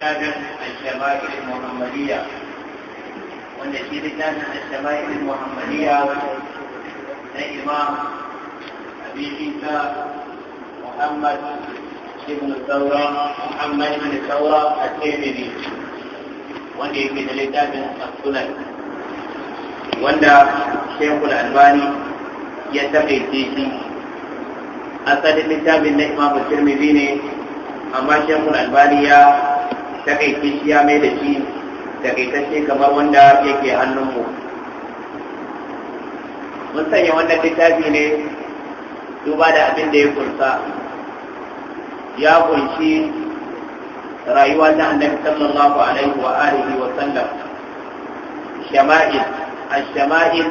كتابا الشمائل المحمدية والتي لتابع الشمائل المحمدية الإمام أبي عيسى محمد ابن الثورة محمد بن الثورة الترمذي wanda yake da littafin sunan wanda shekul albani ya taƙaice shi asalin littafin na imam tirmidhi ne amma shekul albani ya takaice shi ya mai da shi takaitacce kamar wanda yake hannunmu mun sanya wannan littafi ne duba da abin da ya kunsa ya kunshi rayuwa ta annabi sallallahu alaihi wa alihi wa sallam shama'il ash-shama'il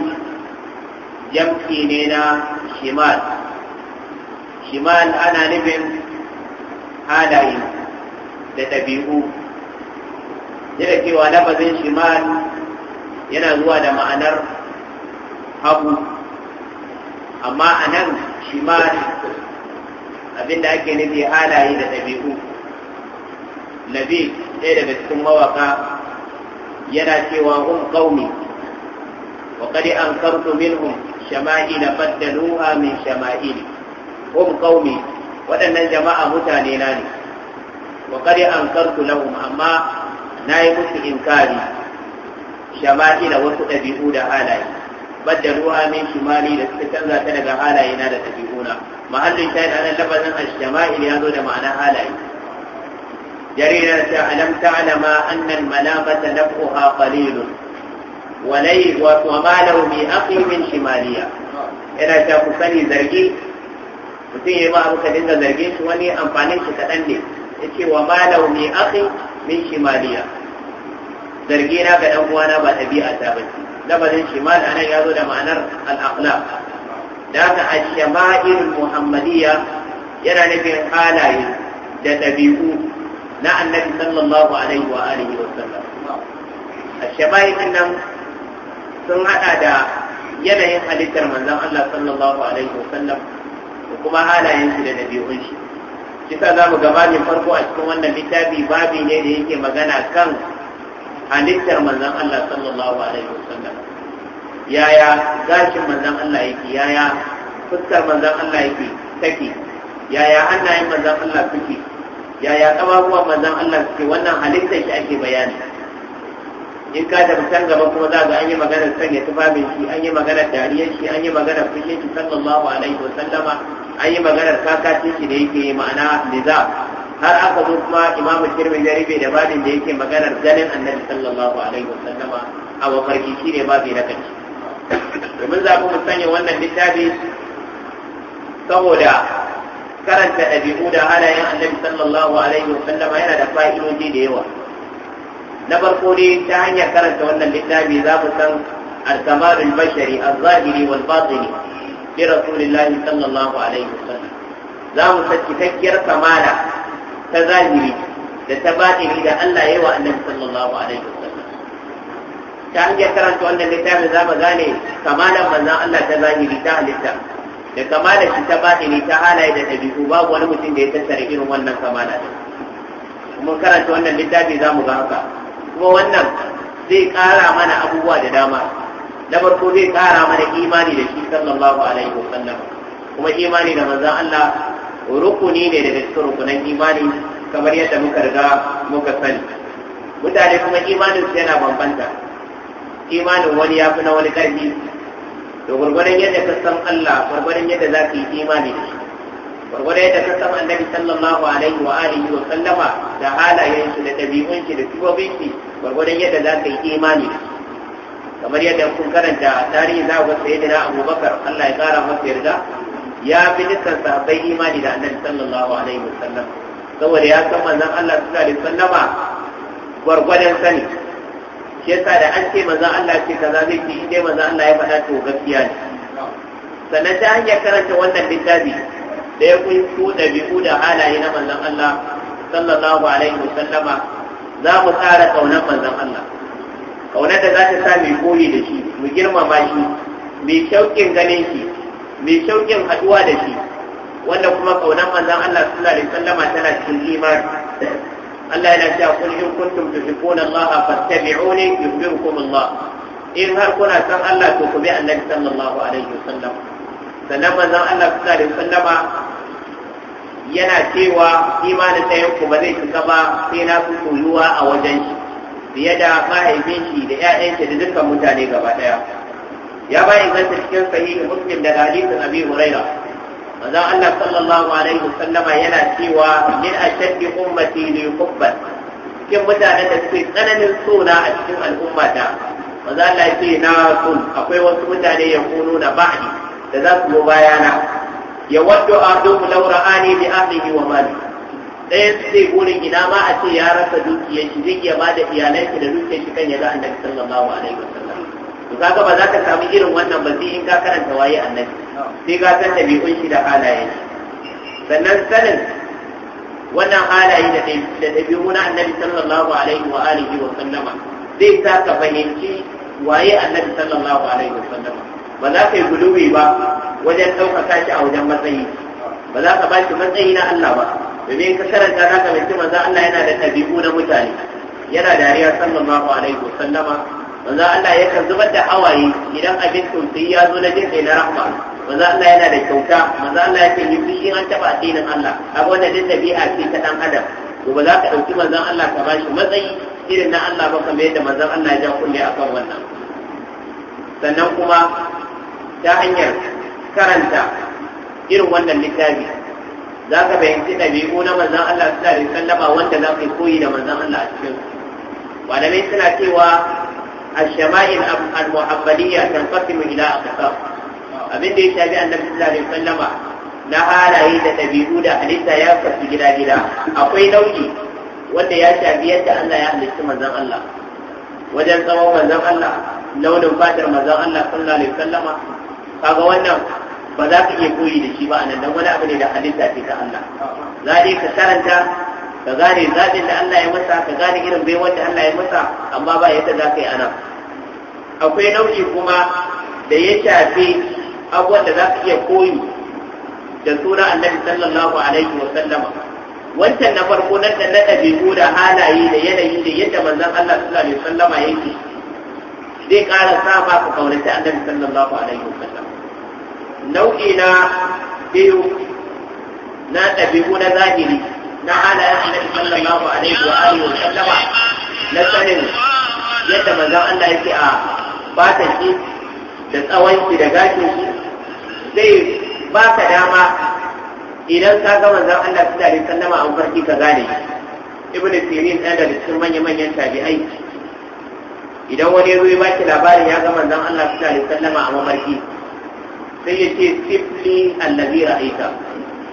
jam'i ne na shimal shimal ana nufin halaye da ɗabi'u yana cewa lafazin shimal yana zuwa da ma'anar hagu amma a nan shimal abinda ake nufi halaye da ɗabi'u labi ɗaya daga cikin mawaka yana cewa hum qaumi wa qad shama'i minhum shama'il baddaluha min shama'i hum ƙauni waɗannan jama'a mutane na ne wa an ankartu lahum amma na yi musu inkari shama'ila wasu ɗabi'u da halaye badda ruwa min shimali da suka canza ta daga halaye na da ɗabi'una mahallin shayi anan lafazin shama'i shamail ya zo da ma'ana halaye jaridar ta alam ta'lama anna al-malamata naf'uha qalilun walai wa ma lahu bi aqimin shimaliya Ina ta ku sani zargi mutum ya yi ma abu ka dinga zargin shi wani amfanin shi kaɗan ne ya ce wa ma lahu bi aqim min shimaliya zarge na ga dan uwana ba ɗabi'a ta bace lafazin shimal anan ya zo da ma'anar al-akhlaq da ta ash-shama'il muhammadiyya yana nufin halaye da ɗabi'u na annabi sallallahu alaihi wa alihi wa sallam ash-shama'il nan sun hada da yanayin halittar manzon Allah sallallahu alaihi wa sallam da kuma halayen shi da ɗabi'un shi kisa za mu gabanin farko a cikin wannan littafi babi ne da yake magana kan halittar manzan Allah sallallahu alaihi wasallam yaya gashin manzan Allah yake yaya fuskar manzan Allah yake take yaya hannayen manzan Allah suke yaya kababuwan manzan Allah suke wannan halittar shi ake bayani in ka tafi can gaba kuma za ga an yi maganar sanya tufafin shi an yi maganar dariyar shi an yi maganar fushin shi sallallahu alaihi wa sallama an yi maganar kakacin shi da yake ma'ana liza har aka zo kuma imamu shirmi ya rufe da babin da yake maganar ganin annabi sallallahu alaihi wa sallama a mafarki shi ne babin na kanci domin za mu sanya wannan littafi saboda karanta ɗabi'u da halayen annabi sallallahu alaihi wa sallama yana da fa'idoji da yawa na farko ne ta hanyar karanta wannan littafi za ku san al-kamalul bashari az-zahiri wal batini bi rasulillahi sallallahu alaihi wasallam za mu san cikakkiyar kamala ta zahiri da ta batini da Allah ya yi wa annabi sallallahu alaihi wasallam ta hanyar karanta wannan littafi za mu gane kamalan manzon Allah ta zahiri ta halitta da kamala shi ta batini ta halaye da dabi'u babu wani mutum da ya tattara irin wannan kamala mun karanta wannan littafi za mu ga haka kuma wannan zai kara mana abubuwa da dama na farko zai kara mana imani da shi sallallahu alaihi wa sallam kuma imani da manzon Allah rukuni ne da cikin rukunan imani kamar yadda muka riga muka sani mutane kuma imanin su yana bambanta imanin wani ya fi na wani karfi to gwargwaron yadda ka san Allah gwargwaron yadda za ka yi imani da shi gwargwado yadda ka san annabi sallallahu alaihi wa alihi wa sallama da halayen da dabi'un da sibobin shi gwargwadon yadda za ka yi imani kamar yadda kun karanta tarihi za ku sayi sayyidina abubakar Allah ya kara masa yarda ya fi dukkan sahabbai imani da annabi sallallahu alaihi wa sallam saboda ya san manzon Allah sallallahu alaihi wa sallama gwargwadon sani shi yasa da an ce manzon Allah ce kaza zai ce in dai manzon Allah ya faɗa to gaskiya ne sannan ta hanyar karanta wannan littafi da ya kunshi ɗabi'u da halaye na manzon Allah sallallahu alaihi wasallama za mu tsara kaunar manzon Allah kaunar da za ta sa mu koyi da shi mu girmama shi mai shauƙin ganin shi mai shauƙin haɗuwa da shi wanda kuma kaunar manzon Allah sallallahu alaihi wasallama tana cikin imani Allah yana cewa kul in kuntum tuhibbuna Allah fattabi'uni yuhibbukum Allah in har kuna san Allah to ku bi Annabi sallallahu alaihi wasallam sannan mazan Allah sallallahu alaihi wasallama yana cewa imanin ɗayan ku ba zai cika ba sai na fi koyuwa a wajen shi fiye da mahaifin shi da yayan shi da dukkan mutane gaba ɗaya ya bayan ganta cikin sahihi muslim daga hadisin abi huraira manzon Allah sallallahu alaihi wasallama yana cewa min ashaddi ummati li hubban cikin mutanen da suke tsananin suna a cikin al'ummata manzon Allah ya ce na sun akwai wasu mutane ya kuno na ba'di da za su bayana ya waddu arduhu law ra'ani bi ahlihi wa mali ɗayan su zai burin ina ma a ce ya rasa dukiyar shi zai iya bada iyalan shi da dukiyar shi kan ya ga annabi sallallahu alaihi wasallam to kaga ba za ka samu irin wannan ba in ka karanta waye annabi sai ka san dabi'un shi da halaye. sannan sanin wannan halaye da da dabi'u na annabi sallallahu alaihi wa alihi wa sallama zai sa ka fahimci waye annabi sallallahu alaihi wa sallama ba za ka yi guluwi ba wajen ɗaukaka shi a wajen matsayi ba za ka ba shi matsayi na Allah ba domin ka karanta za ka mai manzo Allah yana da ɗabi'u na mutane yana dariya sallallahu alaihi wasallama manzo Allah yakan zubar da hawaye idan abin tausayi ya zo na jin na rahma manzo Allah yana da kyauta manzo Allah yake yi fushi an taba addinin Allah abu wanda din dabi'a ce ta dan adam to ba za ka dauki manzon Allah ka ba shi matsayi irin na Allah ba kamar yadda manzon Allah ya ja kulle akan wannan sannan kuma ta hanyar karanta irin wannan littafi za ka fahimci ɗabi'u na manzan Allah su da sallama wanda za ka yi koyi da manzan Allah a cikin malamai suna cewa a shama'in al-muhabbani الشمائل المحمدية تنقسم إلى أقسام abin da ya shafi annabi sallallahu alaihi wasallama na halaye da dabi'u da halitta ya kasu gida gida akwai nau'i wanda ya shafi yadda Allah ya halitta manzon Allah wajen tsawon manzon Allah launin fatar manzon Allah sallallahu alaihi wasallama kaga wannan ba za ka iya koyi da shi ba a nan don wani abu ne da halitta ce ta Allah za dai ka karanta ka gane zaɓin da Allah ya masa ka gane irin bai wanda Allah ya masa amma ba yadda za ka yi anan akwai nau'i kuma da ya shafi abubuwan da za ka iya koyi da sura annabi sallallahu alaihi wa sallama wancan na farko na na ɗabi'u da halaye da yanayi da yadda manzon Allah sallallahu alaihi wa sallama yake zai ƙara sa ba ka kaunaci annabi sallallahu alaihi wa sallama nau'i na biyu na ɗabi'u na zahiri na halayen annabi sallallahu alaihi wa alihi wa sallama na sanin yadda manzon Allah yake a fatan shi da tsawon shi da gashin shi zai ba ka dama idan ka ga manzon Allah su alaihi sallama an farki ka gane ibn sirin ɗaya daga cikin manya-manyan tabi'ai idan wani ya zo ya ba ki labarin ya ga manzon Allah su alaihi sallama a mamarki sai ya ce sifli allazi ra'aita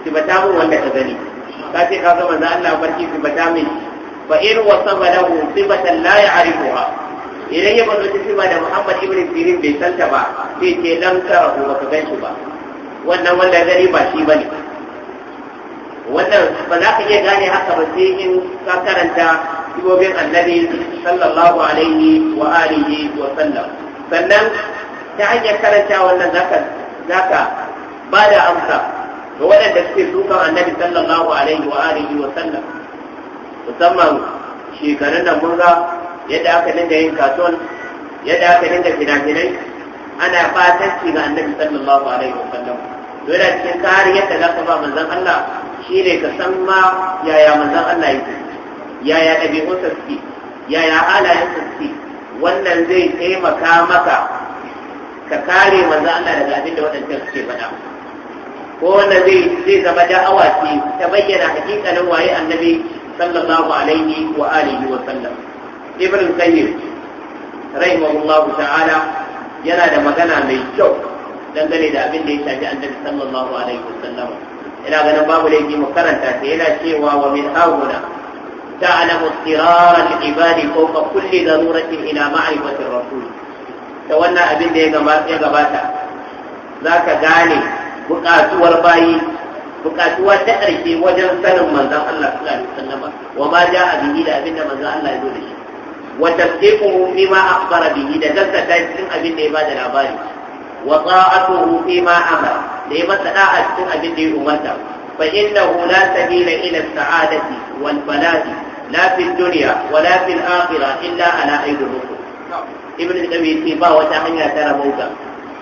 sibata mun wanda ka gani ka ce ka ga manzo Allah barki sibata min fa in wasafa lahu sibatan la ya'rifuha idan ya bazo ta siba da Muhammad ibn Sirin bai santa ba sai ce dan karahu baka gan shi ba wannan wanda gani ba shi bane wannan ba za ka iya gane haka ba sai in ka karanta sibobin annabi sallallahu alaihi wa alihi wa sallam sannan ta hanyar karanta wannan zaka zaka ba da amsa ga waɗanda suke sukan annabi sallallahu alaihi wa alihi wa sallam musamman shekarun da mun ga yadda aka dinga yin katon yadda aka dinga finafinai ana fatanci ga annabi sallallahu alaihi wa sallam to yana cikin kare yadda za ka ba manzon Allah shine ka san ma yaya manzon Allah yake yaya ɗabi'unsa suke yaya halayensa suke wannan zai taimaka maka ka kare manzo Allah daga abin da waɗancan suke faɗa ko wanda zai zama da'awa ce ta bayyana hakikanin waye annabi sallallahu alaihi wa alihi wa sallam ibn qayyim rahimahullahu ta'ala yana da magana mai kyau dangane da abin da ya shafi annabi sallallahu alaihi wa sallam ina ganin babu laifi mu karanta sai yana cewa wa min hauna ta'lamu istirara al-ibadi fawqa kulli daruratin ila ma'rifati ar-rasul da wannan abin da ya gabata za ka gane buƙatuwar bayi buƙatuwa ta ƙarshe wajen sanin manzan Allah sallallahu alaihi wasallam wa ba ma ja'a bihi da abin da manzan Allah ya zo da shi wa tasdiquhu mimma akhbara bihi da gaskata cikin abin da ya bada labari wa ta'atuhu ma amara da ya masa da'a cikin abin da ya umarta fa innahu la sabila ila sa'adati wal baladi la fi dunya wa la fi al-akhirah illa ala aidil rusul ibn al ce ba wata hanya ta rabauta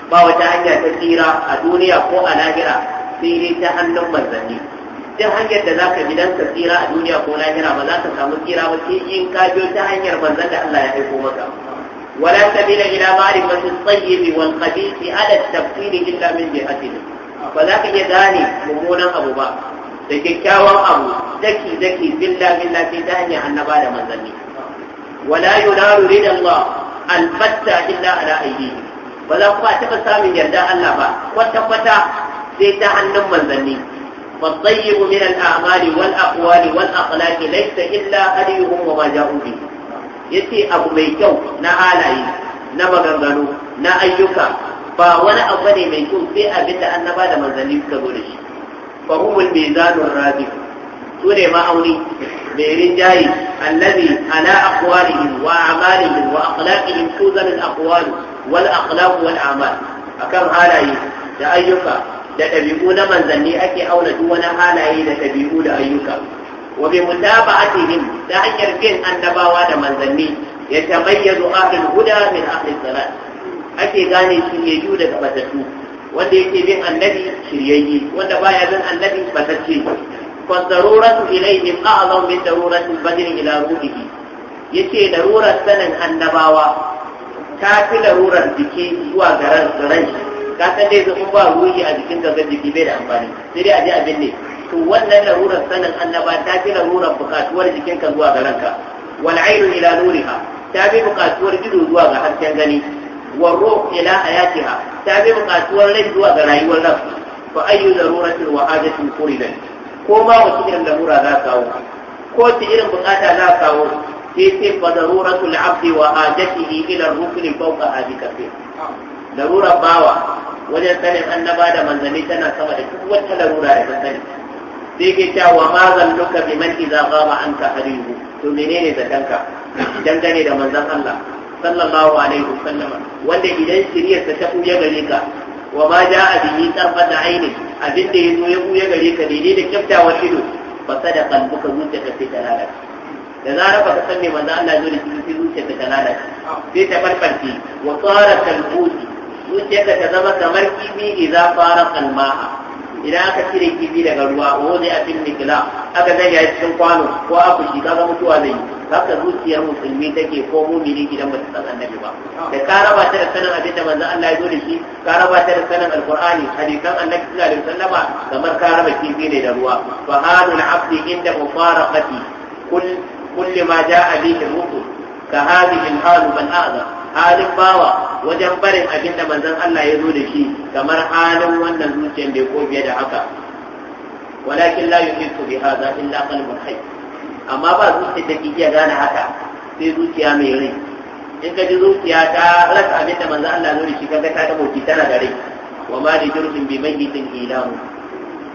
ba wata hanya ta tsira a duniya ko a lahira sai dai ta hannun manzanni duk hanyar da zaka bi dan ka tsira a duniya ko lahira ba za ka samu tsira ba sai in ka biyo ta hanyar manzan da Allah ya aiko maka ولا سبيل إلى معرفة الطيب والخبيث على التفصيل إلا من جهته فذاك يداني ممونا أبو بكر da kyakkyawan abu zaki zaki billa billa sai ta hanyar annaba da manzanni wala yunaru rid Allah albatta illa ala aidihim ba za ku taɓa samun yarda Allah ba kwata kwata sai ta hannun manzanni والطيب من الأعمال والأقوال والأخلاق ليس إلا هديهم وما جاءوا به yace abu mai kyau na halaye na maganganu na ayyuka ba wani abu ne mai kyau sai abin da annaba da manzanni suka zo da shi fa humul mizanur rabi su ne ma'auni mai rinjaye allazi ala aqwalihim wa a'malihim wa akhlaqihim tuzan al-aqwal wal akhlaq wal a'mal akan halaye da ayyuka da ɗabi'u na manzanni ake auna duk wani halaye da ɗabi'u da ayyuka wa bi mutaba'atihim da hanyar bin annabawa da manzanni ya tamayyazu ahlul huda min ahlil salat ake gane shiryayyu daga batattu wanda yake bin annabi shiryayye wanda baya bin annabi batacce فالضرورة إليهم أعظم من ضرورة البدر إلى روحه yace darurar sanin annabawa ta fi darurar jiki zuwa garar garan ka san dai zama ba ruhi a jikin da zan jiki bai da amfani sai dai a je abin ne to wannan darurar sanin annaba ta fi darurar bukatuwar jikin ka zuwa garan ka wal ainu ila nuriha ta fi bukatuwar ido zuwa ga hasken gani wal ruh ila hayatiha ta fi bukatuwar rai zuwa ga rayuwar nan fa ayyu daruratin wa hajatin furidan ko ma wasu irin lamura za kawo ko ta irin bukata za kawo sai sai fa daruratul abdi wa hajatihi ila rukni fawqa hadi kafir larura bawa wajen sanin annaba da manzanni tana sama da duk wata larura da ta sani sai ke cewa wa ma zalluka bi man idza ghaba anka harihu to menene zatanka dangane da manzon Allah sallallahu alaihi wasallam wanda idan shiriyar ta tafi ya gare ka wa ma ja'a bihi tarfata aini abin da yazo ya buya gare ka daidai da kyaftawar ido ba sadaqa buka zuciya ka sai ta da zarar baka san me manzo Allah zo da shi sai zuciya ka ta sai ta farfarki wa qara kalbuti zuciya ka ta zama kamar kifi idza fara kalmaha idan aka cire kifi daga ruwa ko zai a cikin nikila aka zai ya cikin kwano ko aka shi kaga mutuwa zai haka zuciyar musulmi take ko mumini idan ba ta san annabi ba da ka raba ta da sanin abin da manzon Allah ya zo da shi ka raba ta da sanin alqur'ani hadisan annabi sallallahu alaihi wasallama kamar ka raba kifi ne da ruwa fa halul abdi inda mufaraqati kull kulli ma jaa bihi rusul ka hadhihi al-halu a'zam halin bawa wajen barin abin da manzon Allah ya zo da shi kamar halin wannan zuciyar da ko fiye da haka walakin la yuhibbu bi hadha illa qalbun hayy amma ba zuciyar da ke iya gane haka sai zuciya mai rai in ka ji zuciya ta rasa abin da manzon Allah ya zo da shi kaga ta daboki tana da rai wa ma li jurhin bi mayyitin ilahu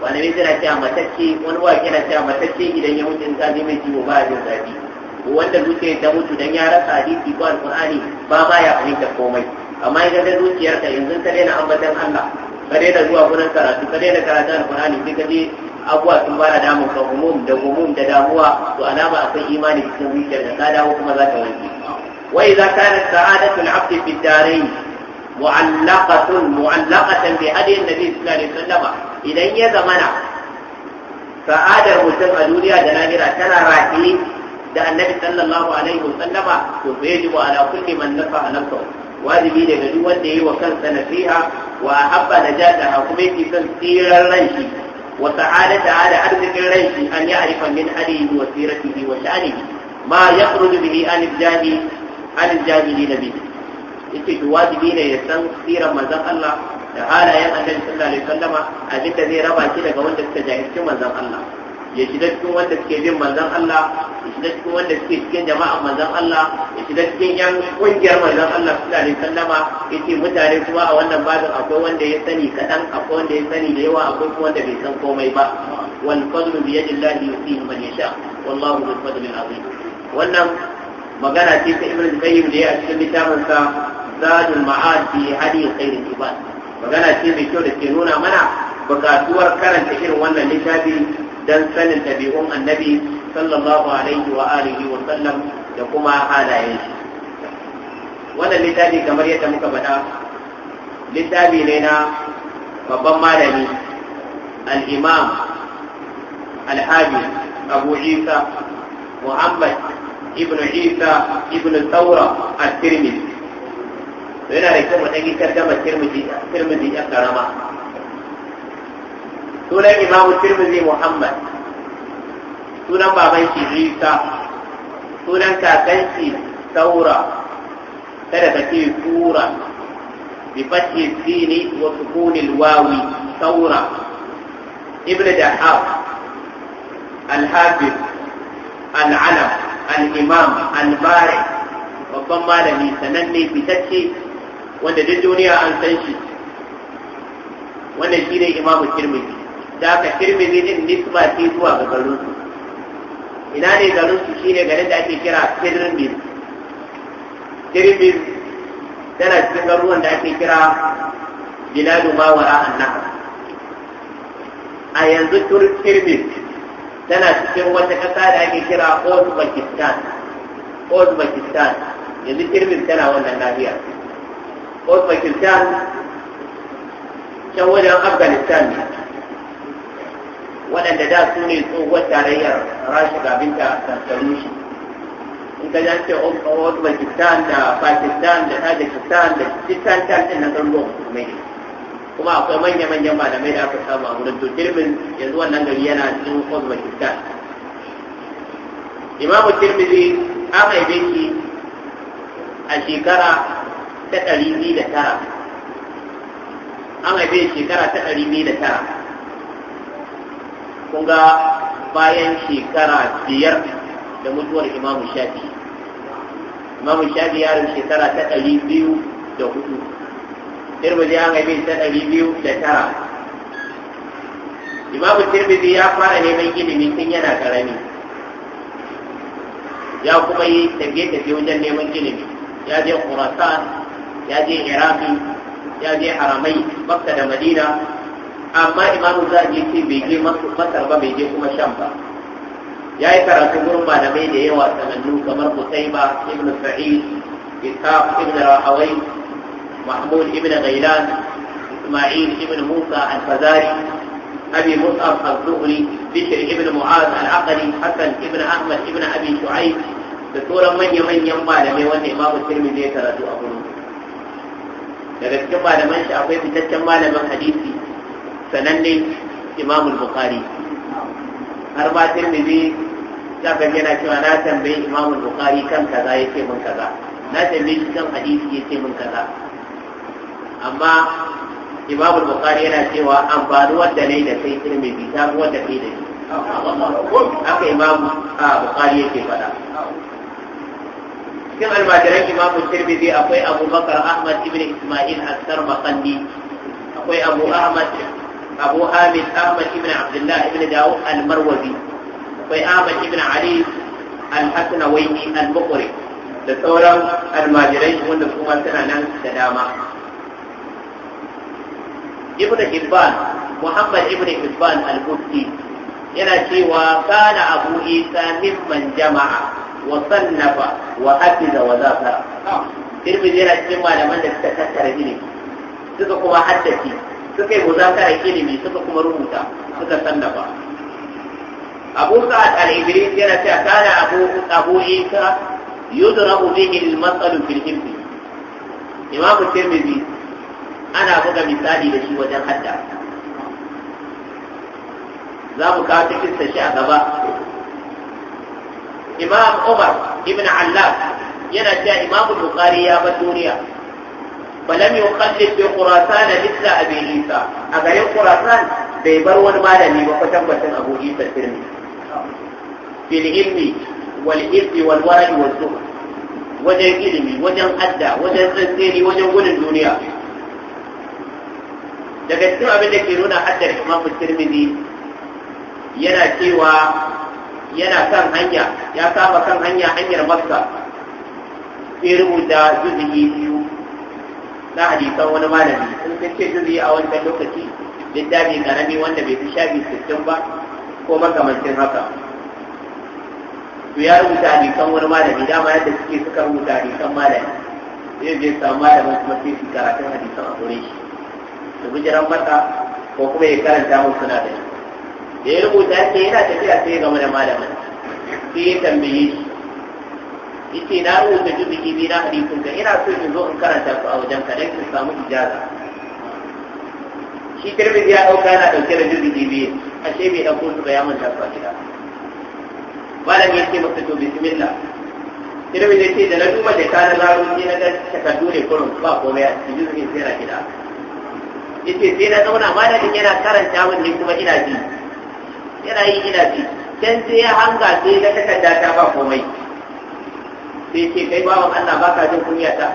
wani ne tana cewa matacce wani wa kina cewa matacce idan ya mutu in ka ji mai ciwo ba a jin zafi wanda zuciyar ta mutu dan ya rasa hadisi ko alqur'ani ba ba ya fahimta komai amma idan da ka yanzu ka daina ambatan Allah ka daina zuwa gurin karatu ka daina karatun alqur'ani sai ka je abuwa sun fara damun ka umum da umum da damuwa to alama akwai imani cikin zuciyar da ka dawo kuma za ka wanke wa idza kanat sa'adatul abdi fid darayn mu'allaqatun mu'allaqatan bi hadi an-nabi sallallahu alaihi wasallam idan ya zamana sa'adar mutum a duniya da lahira tana rafi da annabi sallallahu alaihi wasallama to fa yajibu ala kulli man nafa'a nafsahu wajibi daga duk wanda yayi wa kansa nasiha wa habba najata kuma yake son tsirar ranshi wa sa'adata da arzikin ranshi an ya arifa min alihi wa siratihi wa sha'anihi ma yakhruju bihi an al-jahi an al-jahili nabi yake to wajibi ne ya san tsirar manzon Allah da halayen annabi sallallahu alaihi wasallama abinda zai raba shi daga wanda suka jahilci manzon Allah ya shiga cikin wanda suke bin manzon Allah ya shiga cikin wanda suke cikin jama'a manzon Allah ya shiga cikin yan kungiyar manzon Allah sallallahu alaihi ya ce mutane kuma a wannan babin akwai wanda ya sani kaɗan, akwai wanda ya sani da yawa akwai kuma wanda bai san komai ba wal fadlu bi yadillahi yusihi man yasha wallahu dhul fadli azim wannan magana ce ta ibnu qayyim da ya a cikin littafin sa zadul ma'ad fi hadi khairul ibad magana ce mai kyau da ke nuna mana bukatuwar karanta irin wannan littafi Don sanin ɗabi'un annabi sallallahu alaihi wa alihi wa sallam da kuma halayen shi wannan littafi kamar yadda muka faɗa littafi ne na babban malami al-imam al-habi abu isa muhammad ibn isa ibn saura al-tirmidhi yana da kyau mu ɗan yi tarjama tirmidhi ya karama sunan imamu tirmidhi muhammad sunan baban shi isa sunan kakan shi saura kada ka ce tura bi fathi sini wa sukunil wawi saura ibn dahab al-hafiz al-alam al-imam al-bari babban malami sananne fitacce wanda duk duniya an san shi wannan shine imamu tirmidhi da aka kirbi zinin nisba ce zuwa ga garin su ina ne garin su shi ne garin da ake kira kirbin kirbin tana cikin garuwan da ake kira biladu ma wara annaka a yanzu tirmidhi tana cikin wata ƙasa da ake kira Uzbekistan Uzbekistan yanzu kirbin tana wannan lafiya Uzbekistan can wajen Afghanistan ne waɗanda da su ne tsohuwar tarayyar rashiga binta tattarushi in ka jan ce uzbekistan da pakistan da tajikistan da cikin tantin na garuruwan musulmai kuma akwai manya-manyan malamai da aka samu a wurin to tirmin yanzu wannan gari yana cikin uzbekistan imamu tirmidhi an haife shi a shekara ta ɗari biyu da tara an haife shekara ta ɗari biyu da tara kun ga bayan shekara biyar da mutuwar imamu shafi imamu shafi ya rasu shekara ta ɗari biyu da hudu tirmidhi ya haifin ta ɗari biyu da tara imamu tirmidhi ya fara neman ilimi tun yana karami ya kuma yi tafiye-tafiye wajen neman ilimi ya je khurasan ya je iraki ya je haramai makka da madina amma imamu za a je ce bai je masar ba bai je kuma sham ba ya yi karatu gurin malamai da yawa sanannu kamar Qutayba ibn Sa'id Ishaq ibn Rahawai Mahmud ibn Ghailan Isma'il ibn Musa al-Fazari أبي ibn mu'az بشر ابن معاذ العقلي حسن ابن أحمد ابن أبي شعيب بصورة من يمن ينبع لمن وأن ya karatu a أبوه daga cikin malaman shi akwai fitaccen malamin hadisi Sanannen imam bukhari har ba tirmidhi zaka yana cewa na tambayi imam bukhari kan kaza yake mun kaza na tambaye shi kan hadisi yake mun kaza amma imam bukhari yana cewa amfani wanda ne da sai tirmidhi ta wanda kai da shi haka imam bukhari yake faɗa cikin almajiran imam tirmidhi akwai abubakar ahmad ibn isma'il as-sarmaqandi akwai abu ahmad abu hamid ahmad ibn abdullah ibn dawud al-marwazi akwai ahmad ibn ali al-hasnawaini al-bukhari da sauran almajirai wanda kuma suna nan da dama ibn hibban muhammad al-bukhari yana cewa kana abu isa mimman jama'a wa sannafa wa hafiza wa zakara yana cikin malaman da suka tattara suka kuma haddace suka yi muzakara ilimi suka kuma rubuta suka sannafa abu sa'ad al-idris yana cewa kana abu abu isa yudrabu bihi al-mas'al fil hifz imam tirmidhi ana buga misali da shi wajen hadda za mu kawo cikin shi a gaba imam umar ibn allaf yana cewa imam bukhari ya bar duniya falam yuqallid bi khurasan mithla abi isa a garin khurasan bai bar wani malami ba kwatan kwatan abu isa tirmi fil ilmi wal izzi wal wara'i wal zuhd wajen ilimi wajen adda wajen tsantseni wajen gudun duniya daga cikin abin da ke nuna haddar imamu tirmidhi yana cewa yana kan hanya ya kama kan hanya hanyar makka sai rubuta juzuhi biyu na hadisan wani malami sun ta ce juzi a wancan lokaci littafi karami wanda bai fi shafi sittin ba ko makamancin haka su ya rubuta hadisan wani malami dama yadda suke suka rubuta hadisan malami zai je samu malamin kuma sai su karatun hadisan a gure shi su jiran masa ko kuma ya karanta mu suna da shi da ya rubuta yake yana tafiya sai game da malamin sai ya tambaye shi yace na rubuta juzuki biyu na hadisin ka ina so in zo in karanta su a wajen ka dan in samu ijaza shi tirmidhi ya dauka yana dauke da bi a ce bai dauko su ba ya manta su a gida ne yace masa to bismillah tirmidhi yace da na duba da kana na rubuta na dan takardu ne kurum ba komai a cikin juzuki sai na gida yace sai na zauna malamin yana karanta min ne kuma ina ji yana yi ina ji Dan sai ya hanga sai ta takarda ta ba komai sai ce kai bawan Allah ba ka jin kunya ta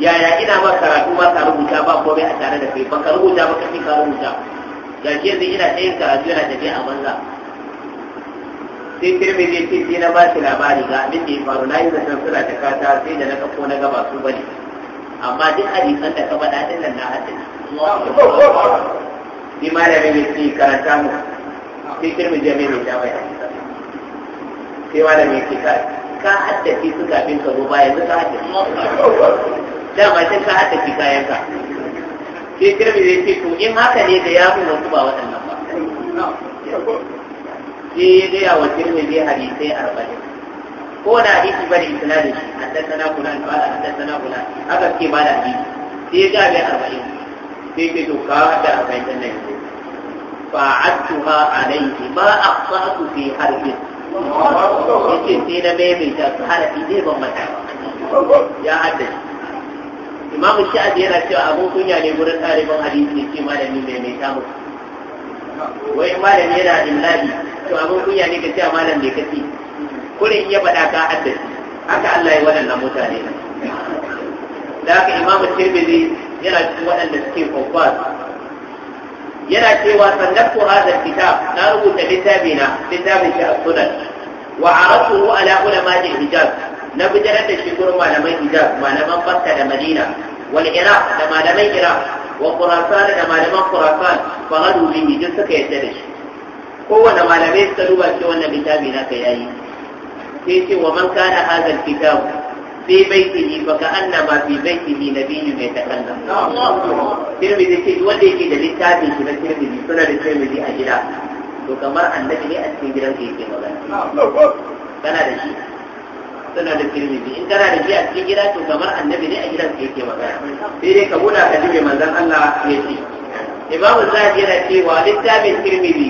yaya ina ba karatu ba ka rubuta ba komai a tare da kai ba ka rubuta ba kace ka rubuta ga ke zai ina ta yin karatu yana tafiya a banza sai firme zai ce sai na ba shi labari ga abin da ya faru na yi zaton suna ta kata sai da na kafo na gaba su bane amma duk hadisan da ka faɗa ɗin nan na hadin ni da ya ce karanta mu sai tirmi zai mai mai ta sai ma da mai ke ka ka haddace su kafin ka zo ba yanzu ka haddace dama sai ka haddace kayan ka sai kirmi zai ce to in haka ne da ya fi wasu ba waɗannan ba sai ya gaya wa kirmi zai hadisai arba'in ko da hadisi bari da shi haddathana fulan qala haddathana fulan haka ke ba da hadisi sai ya ga bai arba'in sai ke to ka hadda arba'in nan ne fa'atuha alayhi ma aqsatu fi harbin yake sai na maimaita su harafi zai ban mata ya haddace imamu sha'ad yana cewa abin kunya ne gurin ɗaliban hadisi ya ce malami maimaita mu wai malami yana imlali to abin kunya ne ka cewa malam bai kace Kullum ya faɗa ka haddace haka Allah ya waɗannan mutane da haka imamu tirmidhi yana cikin waɗanda suke kwakwas yana cewa sannabtu hadha kitab na rubuta littafina littafin shi as-sunan wa aratuhu ala ulama al-hijaz na bijirar da shi gurin malaman hijaz malaman Makka da Madina wal Iraq da malaman Iraq wa Khurasan da malaman Khurasan fa gadu bihi suka yadda da shi kowane malamai suka duba shi wannan littafi na ka yayi sai ce wa man kana hadha al-kitab في بيته فكأنما في بيته نبي يتكلم ترمذي ce wanda da littafin shi na tirmidhi suna da tirmidhi a gida to kamar annabi ne a cikin gidan yake magana kana da shi suna da tirmidhi in kana da shi a cikin gida to kamar annabi ne a gidan yake magana sai dai ka muna ka ji manzon Allah ya yana cewa littafin tirmidhi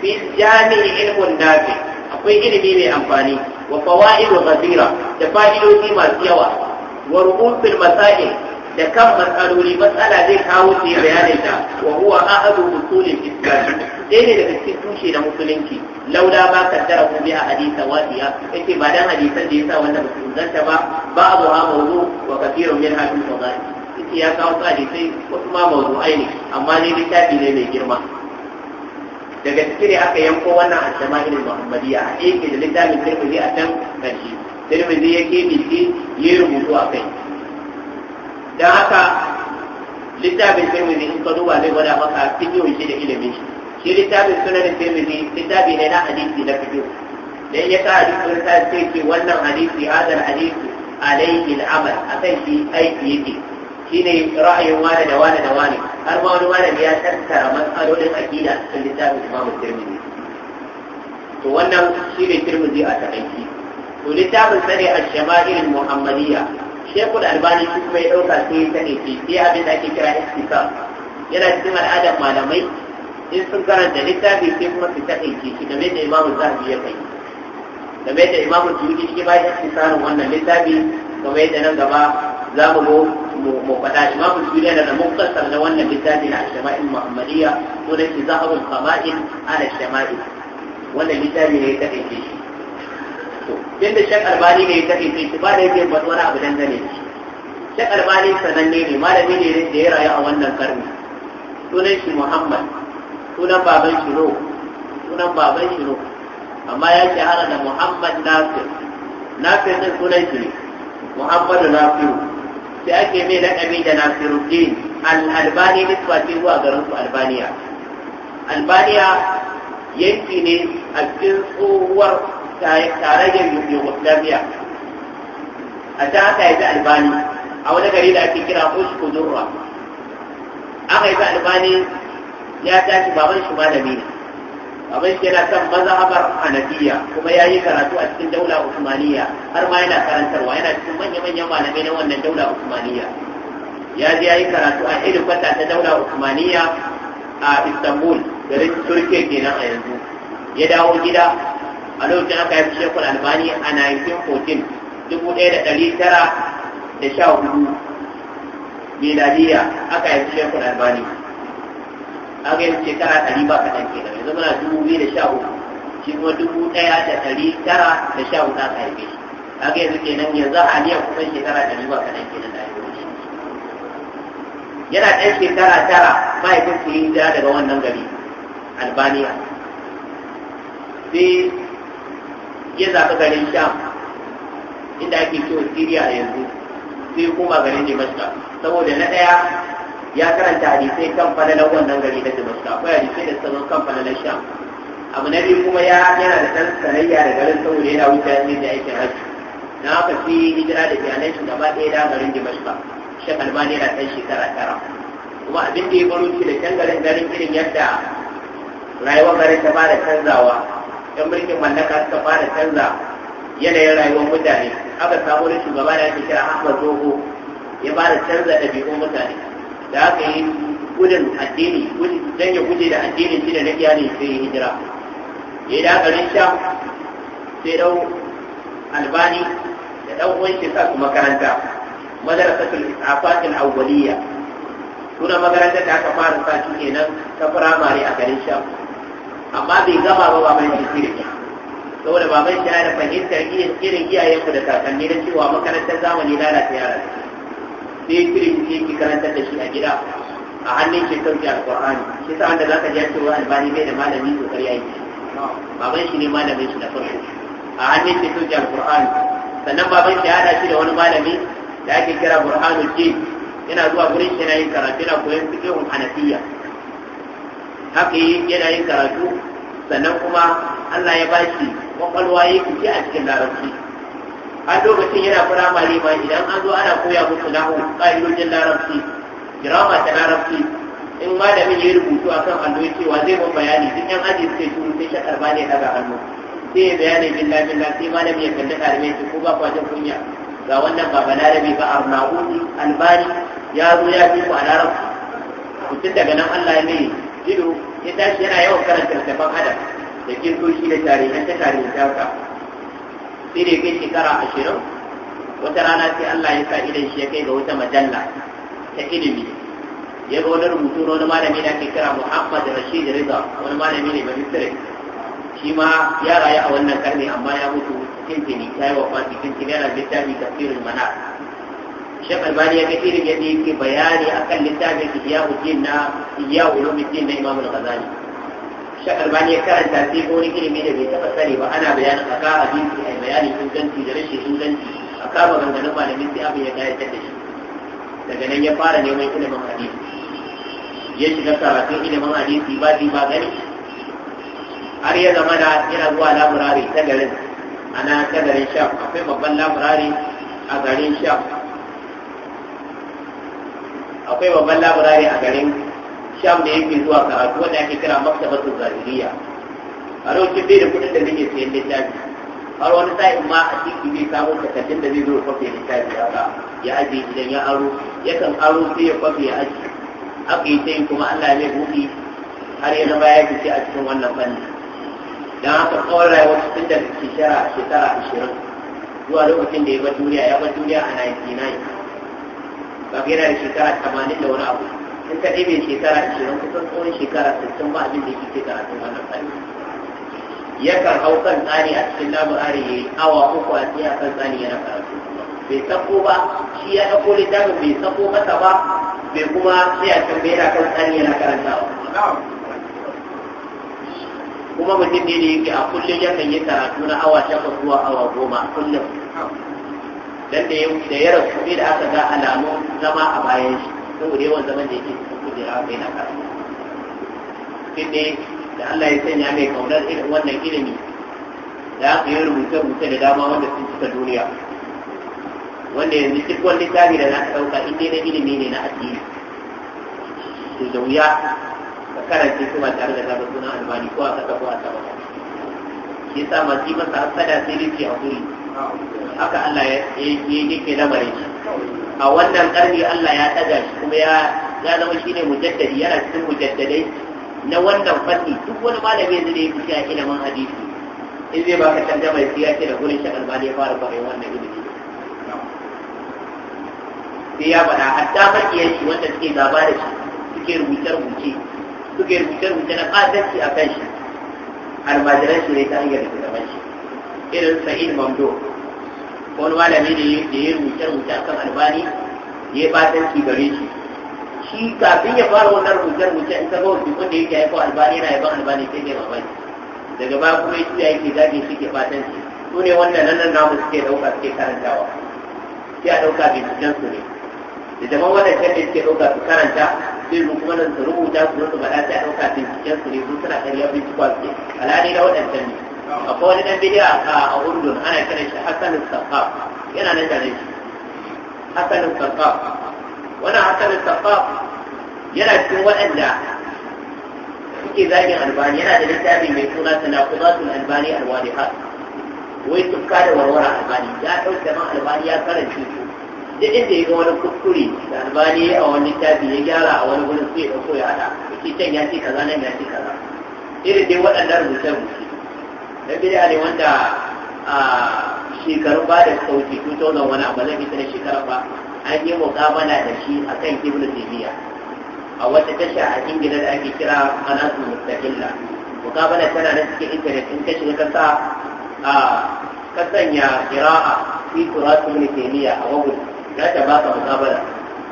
fi jami'i akwai ilimi mai amfani wa fawaidu ghazira da fa'idoji masu yawa wa rubutul da kan matsaloli matsala zai kawo su yi bayanin ta wa huwa ahadu usulil islam dai ne daga cikin tushe da musulunci laula ba a ku biya hadisa wadiya yake ba dan hadisan da yasa wanda musu zanta ba ba abu ha mawdu wa kathirun min hadith fadhil yake ya kawo hadisai wasu ma mawdu'ai ne amma ne littafi ne mai girma daga ciki ne aka yanko wannan al irin muhammadiyya a ɗaya da littafin tirmidhi a can ƙarshe tirmidhi ya ke shi ya rubutu a kai don haka littafin tirmidhi in ka duba zai gwada maka fikiyon shi da ilimin shi shi littafin sunan tirmidhi littafi ne na hadisi na fikiyo dan ya ka hadisi ta ce ki wannan hadisi hadal hadisi alaihi al-amal akan shi aiki yake shine ra'ayin wani da wani da wani har ma wani malami ya tattara matsalolin aƙida a cikin littafin imamu tirmidhi to wannan shi ne tirmidhi a takaici to littafin Sani a shama'ilin muhammadiyya shekul albani shi kuma ya ɗauka sai ya takaici sai abin da ake kira iskisa yana cikin al'adar malamai in sun karanta littafi sai kuma su takaici shi game da imamu zahabi ya kai game da imamu juji shi ba ya iskisa wannan littafi game da nan gaba za mu go mu faɗa imamu suriya da muktasar na wannan littafi na shama'il muhammadiyya ko da shi zahabul kama'il ala shama'il wannan littafi ne ya kaɗaice shi to inda shek albani ne ya kaɗaice shi ba da yake ba wani abu dangane shi shek albani sananne ne malami ne da ya rayu a wannan karni sunan shi muhammad sunan baban shi ro sunan baban shi ro amma ya shahara da muhammad nasir nasir din sunan shi ne muhammadu nasiru da ake mai laƙabi da nasiruddin al-albani nisba ce zuwa garin su albaniya albaniya yanki ne a cikin tsohuwar tarayyar yugoslavia a ta aka yaji albani a wani gari da ake kira uskudurra aka haifi albani ya tashi baban shi malami ne abin shi yana kan mazhabar hanafiya kuma ya yi karatu a cikin daula usmaniya har ma yana karantarwa yana cikin manya-manyan malamai na wannan daula usmaniya ya ji ya yi karatu a hedikwata ta daula usmaniya a istanbul garin ke kenan a yanzu ya dawo gida a lokacin aka yi shekul albani a 1914 1914 miladiya aka yi shekul albani kaga yanzu shekara ɗari ba ka ke nan yanzu muna dubu biyu da sha hudu shi kuma dubu ɗaya da ɗari tara da sha hudu aka haife shi kaga yanzu kenan yanzu haliyar kusan shekara ɗari ba ka ke nan da haife shi yana ɗan shekara tara mahaifin su yi hijira daga wannan gari albaniya sai ya zaɓi garin sham inda ake kiwo siriya a yanzu sai koma garin dimashka saboda na ɗaya ya karanta hadisai kan falalar wannan gari da Damascus akwai hadisai da suka kan falalar Sham abu na biyu kuma ya yana da ɗan sanayya da garin saboda yana wuce ne da aikin hajji na haka fi hijira da bayanan shi gaba ɗaya da garin Damascus Sheikh Albani yana ɗan shekara tara kuma abin da ya baro shi da can garin garin irin yadda rayuwar garin ta fara canzawa yan mulkin mallaka suka fara canza yanayin rayuwar mutane aka samu rashin gaba da ake kira Ahmad Zogo ya fara canza ɗabi'un mutane da aka yi gudun addini don ya guje da addinin shi da na ne sai hijira ya yi dakarin Sha sai dau albani da dan uwan shi sa su makaranta madrasatul isafatul awwaliya sunan makaranta da aka fara sa shi kenan ta firamare a garin Sha. amma bai gama ba ba da shi saboda baban shi ya fahimtar irin iyayenku da kakanni na cewa makarantar zamani lalata yara take sai kiri ku yake karantar da shi a gida a hannun shi fi alqur'ani shi sa wanda ka ji cewa albani bai da malami to kariya yake baban shi ne malamin shi na farko a hannun shi fi alqur'ani sannan baban shi ya hada shi da wani malami da ake kira burhanul ke yana zuwa gurin shi yana yin karatu yana koyon fiqhun hanafiya haka yi yana yin karatu sannan kuma Allah ya bashi kwakwalwa yake a cikin larabci har lokacin yana firamare ma idan an zo ana koya musu nahu ƙa'idojin larabci girama ta larabci in malamin ya rubutu a kan allo cewa zai ban bayani duk yan aji suke shuru sai shakar ba ne daga hannu sai ya bayani billa billa sai malamin ya kalli ɗalibai su ko ba kwajin kunya ga wannan ba balarabe ba arnaudi albani ya zo ya fi ku a larabci mutum daga nan allah ne ido ya tashi yana yawan karanta tafan adam da shi da na ta tarihin ta sai shekara ashirin wata rana sai Allah ya sa idan shi ya kai ga wata majalla ta ilimi ya ga wani rubutu na wani malami da ake kira Muhammad Rashid Riza wani malami ne mai shi ma ya rayu a wannan karni amma ya mutu tintini ta yi wa cikin tintini yana littafi tafsirin mana Shek Albani ya ga ya yadda yake bayani akan littafin Ihya'uddin na Ihya'uluddin na Imam Al-Ghazali shek albani ya karanta sai ko wani ilimi da bai taɓa sani ba ana bayanin a ka hadisi a bayanin inganci da rashin inganci a ka ganganin malamin sai abin ya gayatar da shi daga nan ya fara neman ilimin hadisi ya shiga karatun ilimin hadisi ba ji ba gani har ya zama da yana zuwa lamurari ta garin ana ta garin sham akwai babban lamurari a garin sham akwai babban laburare a garin sham da yake zuwa karatu wanda ake kira maktabatu zahiriya a lokacin bai da kudin da zai sayan littafi har wani sa'in ma a ciki bai samu takaddun da zai zo kwafe littafi ka ya aje idan ya aro yakan aro sai ya kwafe ya aje aka yi sai kuma Allah ya mai har ya zama ya fice a cikin wannan fanni dan haka kawai rayuwar tun da shekara shekara ashirin zuwa lokacin da ya bar duniya ya bar duniya a 99 ba yana da shekara 80 da wani abu in ka ɗebe shekara ashirin kusan tsohon shekara sittin ba abin da yake ke karatun wannan tsari yakan hau kan tsari a cikin labarari ya yi awa uku a tsaye kan tsari yana karatu bai sako ba shi ya ɗauko littafin bai sako masa ba bai kuma tsaya can bai yana kan tsari yana karantawa kuma mutum ne da yake a kullum yakan yi karatu na awa takwas zuwa awa goma a kullum dan da ya rasu da aka ga alamun zama a bayan shi saboda yawan zaman da yake cikin kujera kai na karatu sai dai da Allah ya sanya mai kaunar irin wannan ilimi da aka yi rubuce-rubuce da dama wanda sun cika duniya wanda yanzu duk wani littafi da za ka ɗauka in dai na ilimi ne na addini to da wuya ka karanta su ba tare da zaba suna albani ko a kasa ko a saba shi yasa masu yi masa hasada sai dai ce a wuri. haka Allah ya yi yake lamarin shi a wannan ƙarni Allah ya ɗaga shi kuma ya ya zama shine mujaddadi yana cikin mujaddadai na wannan fanni duk wani malami yanzu da ya fi a ilimin hadisi in zai baka canja mai siya ce da gurin shakar ba ya fara kwarai wannan ilimi sai ya faɗa hatta makiyar shi wanda suke gaba da shi suke rubuce-rubuce suke rubuce-rubuce na ƙatanci a kan shi almajiran shi ne ta hanyar da ta shi irin sa'id mamdo wani malami da ya yi rubuce rubuce kan albani ya yi fatanci gare shi shi kafin ya fara wannan rubuce rubuce in kaga wasu wanda yake haifar albani yana yaban albani sai dai mamaki daga ba kuma ya tuya yake zage shi ke fatanci su ne wannan nan nan namu suke dauka suke karantawa sai a dauka binciken su ne da zaman wannan can da suke dauka su karanta sai su kuma nan su rubuta su zo su faɗa sai a dauka binciken su ne su suna kariyar bincikwa suke alhali na waɗancan ne akwai wani dan bidiya a urdun ana kiran shi hasan al yana nan da shi hasan al wannan hasan al yana cikin waɗanda suke zagin albani yana da littafi mai suna tanaqudatul albani al-wadihat wai tufka da warwara albani ya da man albani ya karanta su duk inda ya ga wani kuskure da albani a wani littafi ya gyara a wani gurin sai ya dauko ya hada yake can ya ce kaza nan ya ce kaza irin dai waɗanda rubuce-rubuce na bid'a ne wanda a shekarun ba da sauki 2000 wani abu zan fita da shekarar ba an yi mukamala da shi a kan ibnu taymiya a wata tasha a ingila da ake kira manasu mustaqilla mukamala tana nan cikin intanet in ka shiga ka sa a ka sanya qira'a fi turatu ibnu taymiya a wagu za ta baka mukamala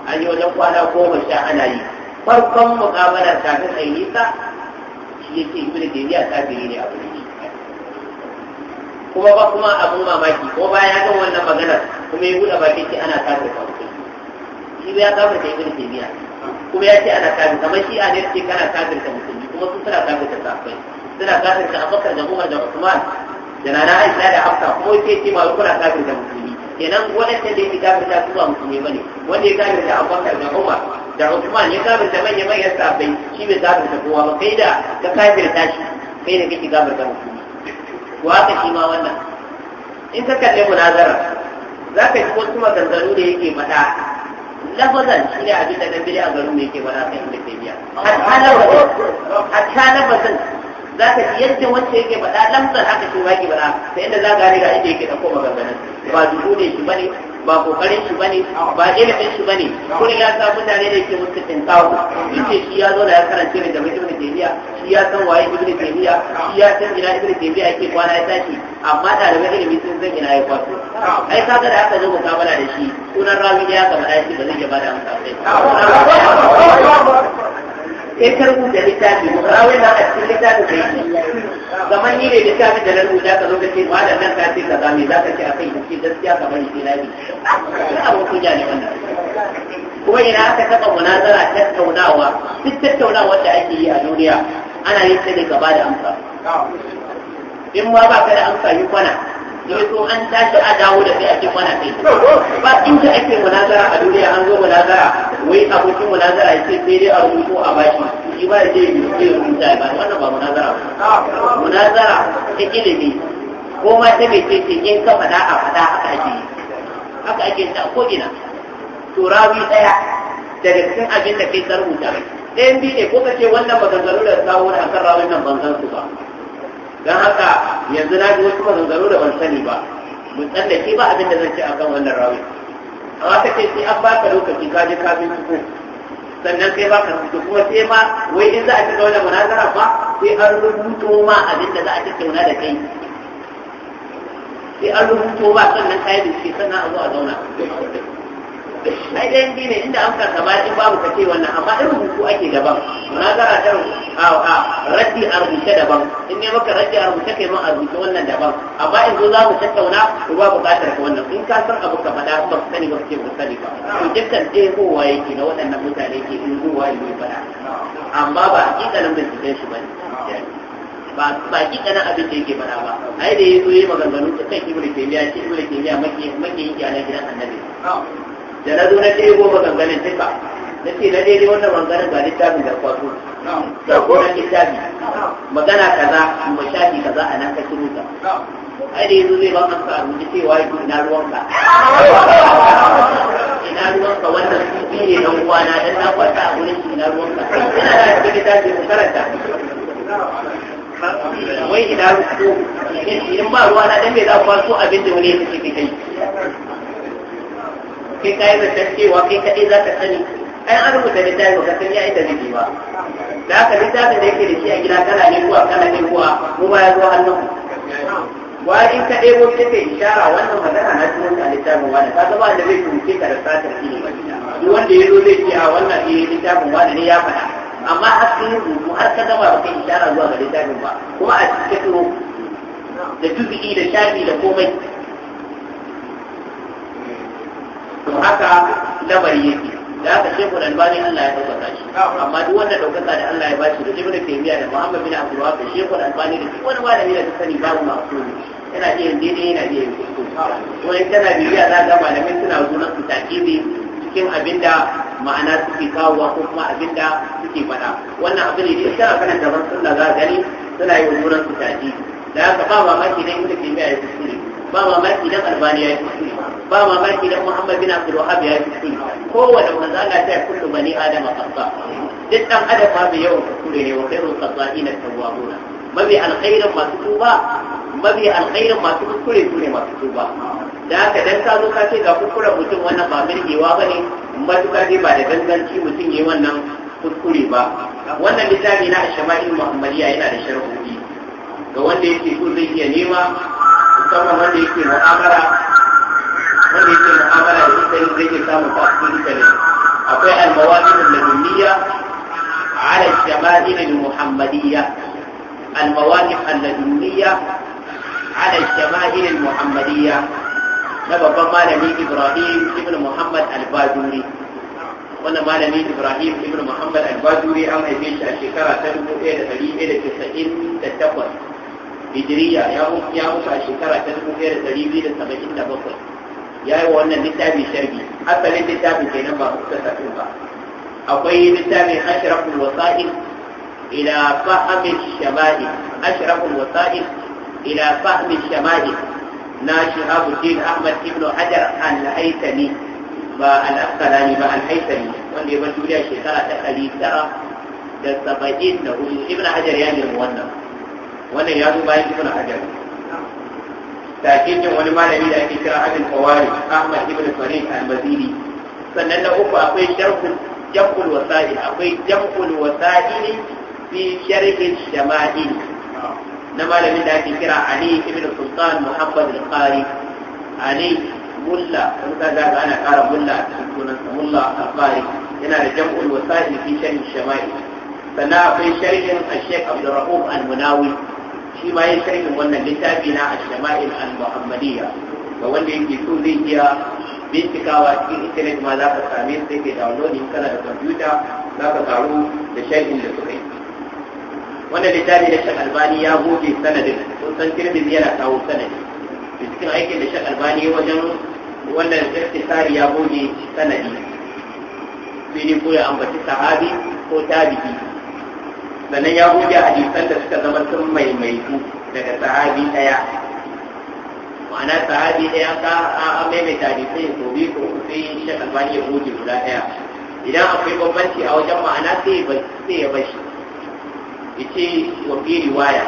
an yi wajen kwana goma sha ana yi farkon mukamala kafin a yi nisa shi yake ibnu taymiya kafiri ne a ne kuma ba kuma abun mamaki ko ba ya gan wannan maganar kuma ya buɗe baki ce ana kafin ka shi ya kafir ka ibn taymiya kuma ya ce ana kafin kamar shi a nesa ce kana kafin ta musulmi kuma su suna kafin ta safai suna kafin ta abakar da umar da usman da nana aisha da hafsa kuma ya ce ma kuna kafin ta musulmi kenan wadannan da yake kafir da su ba musulmi wanda ya kafin ta abakar da umar da usman ya kafir da manya manyan sahabbai shi bai kafir da kowa ba kai da ka kafir da shi kai da kake kafir da musulmi waka shi ma wannan in ka kalli munazara za ka ji wasu maganganu da yake faɗa lafazan shi ne abin da na biri a garin da yake faɗa kan inda ke biya hatta lafazin za ka ji yadda wacce yake faɗa lamsar haka shi ba ki bada ta yadda za ka riga inda yake ɗauko maganganun ba dubu ne shi bane ba kokarin shi bane ba ilimin shi bane kullum ya sa mutane da yake musu tinkawo yace shi ya zo da ya karance ne da ibn taymiya shi ya san waye ibn taymiya shi ya san ina ibn taymiya yake kwana ya tashi amma ɗaliban ilimi sun zan ina ya kwato ai ga da aka zo mukabala da shi sunan rawi ya gaba shi ba zai ya bada amsa ba sai ka rubuta littafi mu rawai na a cikin littafin da yake zaman ni ne littafi da na rubuta ka zo ka ce malam nan ka ce ka za me za ka ce akai ce gaskiya kamar bari sai na bi ina abin ya ne wannan kuma ina aka taɓa munazara tattaunawa duk tattaunawa da ake yi a duniya ana yin ta ne gaba da amsa in ma ba ka da amsa yi kwana ya so an tashi a dawo da kai ake kwana kai ba in da ake munazara a duniya an zo munazara wai abokin munazara ce sai dai a rubuto a baki shi ba zai yi zai rubuta ba wannan ba munazara ba munazara ta ilimi ko ma ta mai ce ce in ka faɗa a faɗa haka ake yi haka ake ta ko ina turawi ɗaya daga cikin abin da kai ka rubuta ɗayan biyu ne ko ka ce wannan maganganu da kawo da akan rawin nan ban san su ba don haka yanzu na ji wasu maganganu da ban sani ba mun san ke ba abin da zan ci akan wannan rawi amma ka ce sai an baka lokaci ka je ka binciko sannan kai ba ka rubuta kuma sai ma wai in za a ci wannan munazara ba sai an rubuto ma abin da za a tattauna da kai sai an rubuto ba sannan ka yi bincike sannan a zo a zauna ai dai ne inda an karkama in babu ka ce wannan amma in rubutu ake daban munazara ta rubutu a a raddi a rubuce daban in ne maka raddi a rubuce kai ma a rubuce wannan daban amma in zo za mu tattauna ko ba buƙatar ka wannan in ka san abu ka faɗa ba ka sani ba ce ba sani ba to dukkan ɗebowa yake na waɗannan mutane ke in zuwa yi faɗa amma ba hakikalin binciken shi ba ne ba ba ki kana abin da yake fara ba ai da yazo yayi maganganu ta kai ibnu taymiya ce ibnu taymiya maki maki yake ana gidan annabi da na zo na ce go maganganun duka nace na daidai wannan maganar ga littafin da kwato da koran littafi magana kaza kuma shafi kaza a nan ka kiro ta ai da yanzu zai ba ka sa wai cewa na ina ruwanka ina ruwanka wannan su ne dan uwana dan na kwata a wurin ina ruwanka ina da cikin littafi ku karanta wai ina ruwa in ba na dan me za ku kwaso abin da wani ya kike kai kai kai da cewa kai kaɗai za ka sani ai an rubuta littafi ba san ya inda zai ba da haka littafin da yake da shi a gida kana ne kuwa kana ne kuwa mu ba ya zo hannun wani in ka ɗebo shi ka ishara wannan magana na cikin ta littafin wani ka zama da zai tuke ka da satar shi ne duk wanda ya zo zai ce a wannan eh littafin wani ne ya faɗa amma har sun rubutu har ka gama ba ka ishara zuwa ga littafin ba kuma a cikin turo da tuzuki, da shafi da komai to haka lamari yake da aka ce ko albani Allah ya ɗaukaka shi amma duk wanda ɗaukaka da Allah ya ba shi da ibnu taymiya da muhammad bin abdul wahab da shekul albani da duk wani malami da sani babu ma'sumi yana iya yin daidai yana iya yin kuskure to in kana bibiya za a ga malamai suna zuwa su takibi cikin abinda ma'ana suke kawowa ko kuma abinda suke faɗa wannan abin ne da kana kana da sunna za gani suna yin wurin su takibi da haka ba mamaki ne inda kimiyya ya kuskure ba mamaki dan albani ya yi kuskure ba mamaki dan muhammad bin abdul wahab ya yi kuskure kowane manzo Allah ta kullu bani adama khata duk dan adam ba mai yawan kuskure ne wa khairul khata'ina tawwabuna mabi alkhairu masu tuba mabi alkhairu masu kuskure su ne masu tuba da haka dan ka zo ka ce ga kukura mutum wannan ba mirgewa ba ne matuƙa dai ba da ganganci mutum ya yi wannan kuskure ba wannan littafi na shama'il muhammadiya yana da sharhu ga wanda yake so zai iya nema musamman wanda yake mu'amala wanda yake mu'amala da ita yin zai samu tasiri ta ne akwai almawaqif al-ladunniya ala al-shama'il al-muhammadiyya almawaqif al-ladunniya ala al-shama'il al-muhammadiyya na babban malami Ibrahim ibn Muhammad al-Bajuri wannan malami Ibrahim ibn Muhammad al-Bajuri an haife shi a shekara ta 1198 هجرية يا أم يا أم شكرا تنمو غير سليمي لسمجين لبطر يا أيوة أنا نتابي شربي أبا لنتابي في نمبر مكتسكوا بها أبي نتابي أشرف الوسائل إلى فهم الشمال أشرف الوسائل إلى فهم الشمال ناشر أبو الدين أحمد ابن حجر عن الهيثمي ما الأفقلاني ما الهيثمي واللي بسولي الشيخ ترى تخلي ترى لسبعين ابن حجر يعني المؤنف wannan ya zo bayan ibn hajar takikin wani malami da ake kira abin kawari ahmad ibn farid al mazidi sannan na uku akwai sharhul jam'ul wasa'il akwai jam'ul wasa'il fi sharhi shama'il na malamin da ake kira ali ibn sultan muhammad al-qari ali mulla wani ta ga ana kara mulla a cikin sunansa mulla al-qari yana da jam'ul wasa'il fi sharhi shama'il sannan akwai sharhin al-sheikh abdurrahman al-munawi shi ma ya sharhin wannan littafi na al al-muhammadiyya ga wanda yake so zai iya bincikawa cikin intanet ma za ka same su ke downloading kana da kwamfuta za ka karu da sharhin da suka yi wannan littafi da shan albani ya goge sanadin sun san tirmidhi yana kawo sanadi da cikin aikin da shan albani wajen wannan tsari ya goge sanadi sai dai ko ya ambaci sahabi ko tabi'i sannan ya buge hadisan da suka zama sun maimaitu daga sahabi ɗaya ma'ana sahabi ɗaya ka a maimaita hadisai ko biyu ko sai shakal bani ya goge guda ɗaya idan akwai bambanci a wajen ma'ana sai ya bashi ya ce wa fi riwaya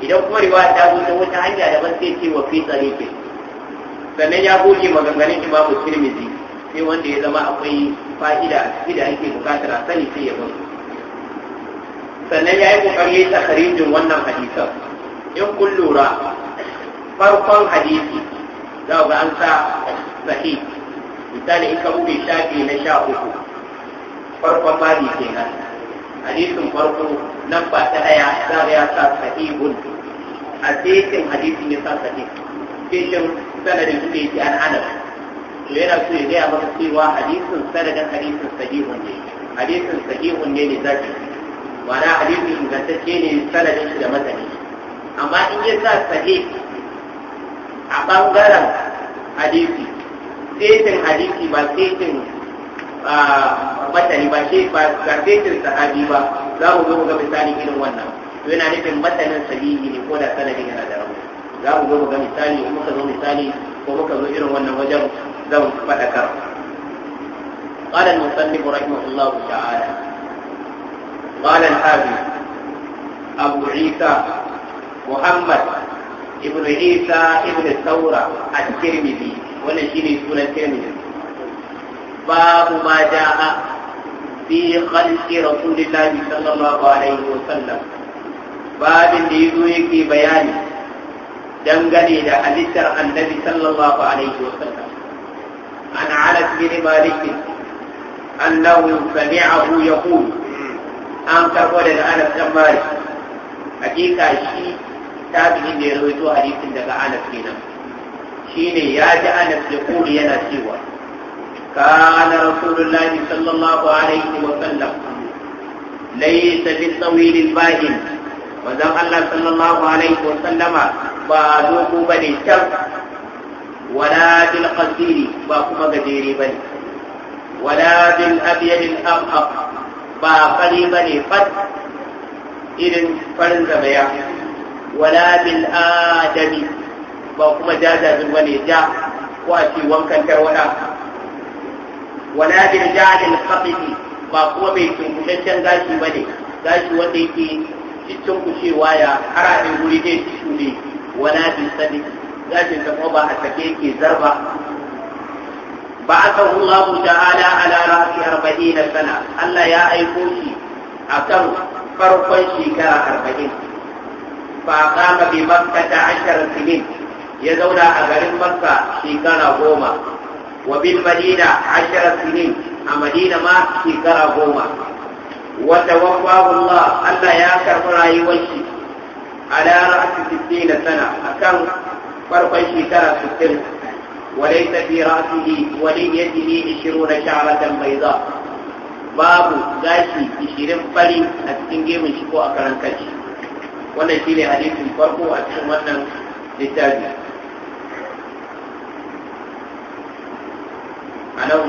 idan kuma riwaya ta zo wata hanya daban sai ce wa fi tsarikin sannan ya buge maganganun imamu tirmidhi sai wanda ya zama akwai fa'ida a ciki da ake bukatar a sani sai ya bashi sannan ya yi ƙoƙari ya takarijin wannan hadisan in kun lura farkon hadisi za ga an sa sahi. misali in ka buɗe shafi na sha uku farkon babi kenan hadisin farko nan ba ta ɗaya za ya sa sahihun a sekin hadisin ya sa sahi. sekin sanadin inda yake an anas to yana so ya gaya maka cewa hadisin sanadin hadisin sahihun ne hadisin sahihun ne ne zaki ma'ana hadisi ingantacce ne sanadin shi da masani amma in ya sa sahih a bangaren hadisi setin hadisi ba setin matani ba shi ba setin sahabi ba za mu zo mu ga misali irin wannan to yana nufin matanin sahihi ne ko da sanadin yana da rauni za mu zo mu ga misali in muka zo misali ko muka zo irin wannan wajen zan faɗakar قال المصنف رحمه الله تعالى قال الحافظ أبو عيسى محمد ابن عيسى ابن الثورة الترمذي ونشيني سنة الترمذي باب ما جاء في خلق رسول الله صلى الله عليه وسلم babin da ya zo yake bayani dangane da halittar annabi sallallahu alaihi wa sallam an anas bin malik an karbo daga anas dan malik hakika shi ta tabi'in da ya rawaito hadisin daga anas kenan ne ya ji anas ya kuri yana cewa kana rasulullahi sallallahu alaihi wa sallam laysa bil tawil al ba'in manzon Allah sallallahu alaihi wa sallama ba dogo bane can wala bil qasiri ba kuma gajere bane wala bil abyad al ba fari ba ne fat irin farin zamaya wala bil adami ba kuma jajajin wani ne ja ko a ce wankan tarwada wala bil jahil khafidi ba kuma mai tunkushaccen gashi ba ne gashi wanda yake cikin kushewa ya haraɗin guri ne shi ne wala bil sadi gashin ta kuma ba a sake yake zarba بعثه الله تعالى على رأس أربعين سنة ألا يا أيكوشي أكم فرقا شكرا أربعين فأقام بمكة عشر سنين يزونا أغرم مكة شكرا غوما وبالمدينة عشر سنين أمدينة ما شكرا غوما وتوفاه الله ألا يا كرم رأيوشي على رأس ستين سنة أكم فرقا شكرا ستين وليس في رأسه وليته عشرون شعرة بيضاء باب غاشي عشرين فلي أتنجي من شكو أكران كاشي wannan shi ne hadisin farko a cikin wannan littafi a nan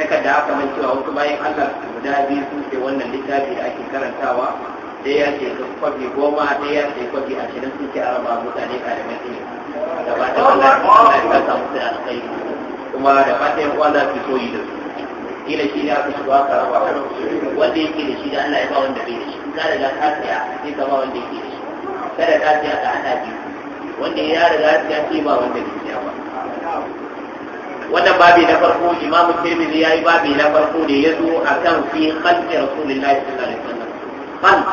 aka man cewa wasu bayan allah guda biyu sun ce wannan littafi da ake karantawa ɗaya ya ce kwafi goma ɗaya ya ce kwafi ashirin sun ce araba mutane ɗalibai ne da fatan Allah ya ga samu da alƙai kuma da fatan uwa za su yi da su kila shi ne aka shiga aka raba wanda yake da shi da Allah ya ba wanda bai da shi Kada riga ka tsaya sai ka ba wanda yake da shi kada ka tsaya ka hana biyu wanda ya riga ya sai ba wanda bai tsaya ba wannan babi na farko imamu tirmidhi yayi babi na farko da ya akan fi khalqi rasulillahi sallallahu alaihi wasallam khalq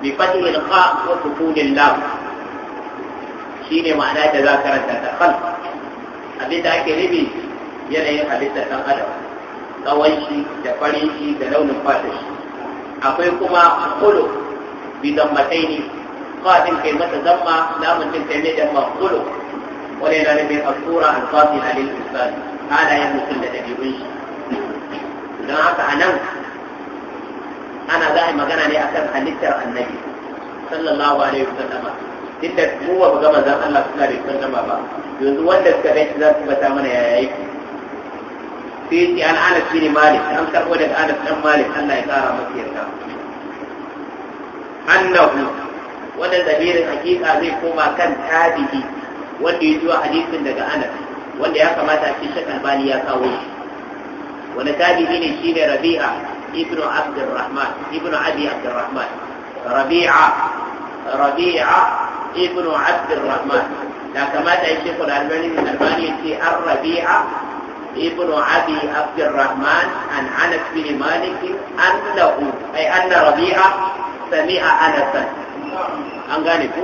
bi fathil kha wa sukun lam Shi ne ma'ana da za karanta ta hal abin da ake nufi yanayin halittar ɗan adam tsawon shi da farin shi da launin fatar shi akwai kuma kulu bi zammatai ne kafin kai masa zamma namun cin kai ne da makulu wani yana nufin asura alfafi na lil islam halayen mutum da ɗabi'un shi don haka a nan ana za a yi magana ne akan halittar annabi sallallahu alaihi wa wasallam duk da mu ba mu ga manzon Allah suna da sallama ba yanzu wanda suka ganci za su bata mana yaya yake sai ce an ana shi ne malik an karɓo daga anas dan malik Allah ya kara masa yarda annahu wanda zahirin hakika zai koma kan tabi'i wanda ya zuwa hadisin daga anas wanda ya kamata a cikin shakal ya kawo shi wani tabi'i ne shi ne rabi'a ibnu abdurrahman ibnu abi abdurrahman rabi'a rabi'a ibn abdurrahman da kamata ya ce kula albani bin an rabi'a ibn abi abdurrahman an anas bin malik annahu ay anna rabi'a sami'a an gane ku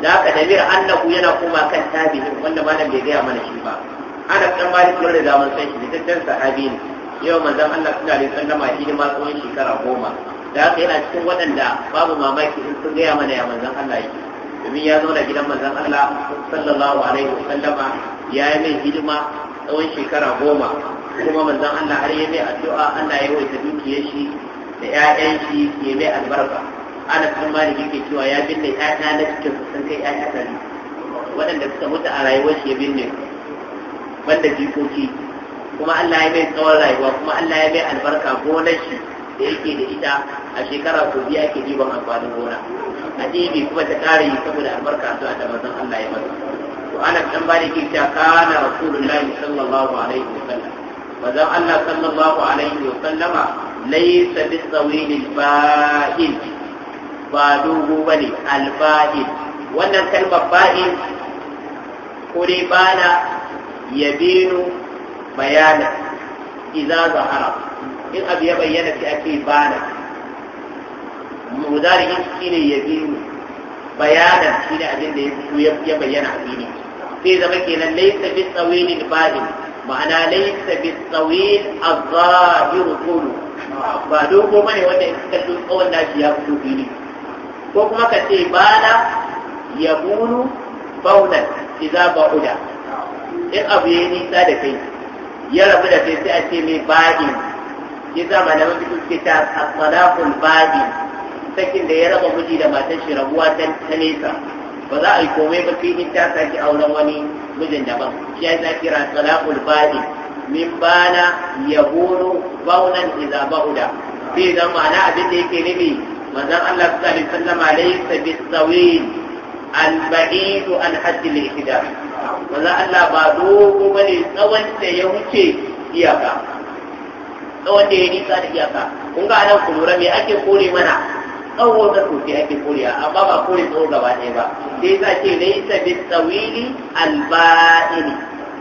da haka damir annahu yana koma kan tabi'in wanda malam bai gaya mana shi ba anas ɗan malik dole da mun san shi da sahabi ne yau manzon Allah sallallahu alaihi wasallam a hidima tsawon shekara goma da haka yana cikin waɗanda babu mamaki in sun gaya mana ya manzon domin ya zauna gidan manzon Allah sallallahu alaihi wasallama ya yi mai hidima tsawon shekara goma kuma manzon Allah har yi mai addu'a Allah ya yawaita dukiyar shi da 'ya'yan shi ya mai albarka ana kan maliki ke cewa ya binne 'ya'ya na cikin sun kai 'ya'yan ɗari waɗanda suka mutu a rayuwar shi ya binne banda jikoki kuma Allah ya mai tsawon rayuwa kuma Allah ya mai albarka gonar shi da yake da ita a shekara ko biya ke diban amfanin gona a ɗibi kuma ta ƙara yi saboda albarka addu'a da mazan Allah ya masa to ana dan bada ki ta kana rasulullahi sallallahu alaihi wa sallam mazan Allah sallallahu alaihi wa sallama laysa bi tsawilil ba'id ba dogo bane al-ba'id wannan kalmar ba'id ko dai bana yabinu bayana idza zahara in abu ya bayyana sai ake bana mudari'in shine yabiru bayanan shi ne abin da ya ya bayyana a fili sai zama kenan laysa bi tsawil al ma'ana laysa bi tsawil az-zahir qulu ba dogo bane wanda in ka tsawon nashi ya fito fili ko kuma ka ce bana yabunu baunan idza ba'uda in abu yayi nisa da kai ya rabu da kai sai a ce mai badin yasa malaman bisu mafi ta as-salaful badin sakin da ya raba miji da matan shi rabuwa ta nesa ba za a yi komai ba sai in ta saki auren wani mijin daban shi ya sa kira talaqul badi min bana yahunu baunan idza bauda sai zan ma'ana abin da yake nufi manzon Allah sallallahu alaihi wasallam laysa bisawil al-ba'id an hadd al-ihdar manzon Allah ba dogo bane tsawon da ya wuce iyaka tsawon da ya nisa da iyaka kun ga anan kulura me ake kore mana tsawo na tofi ake koriya amma ba kore tsawo gaba ɗaya ba sai za ce na laisa bi tsawili alba'ini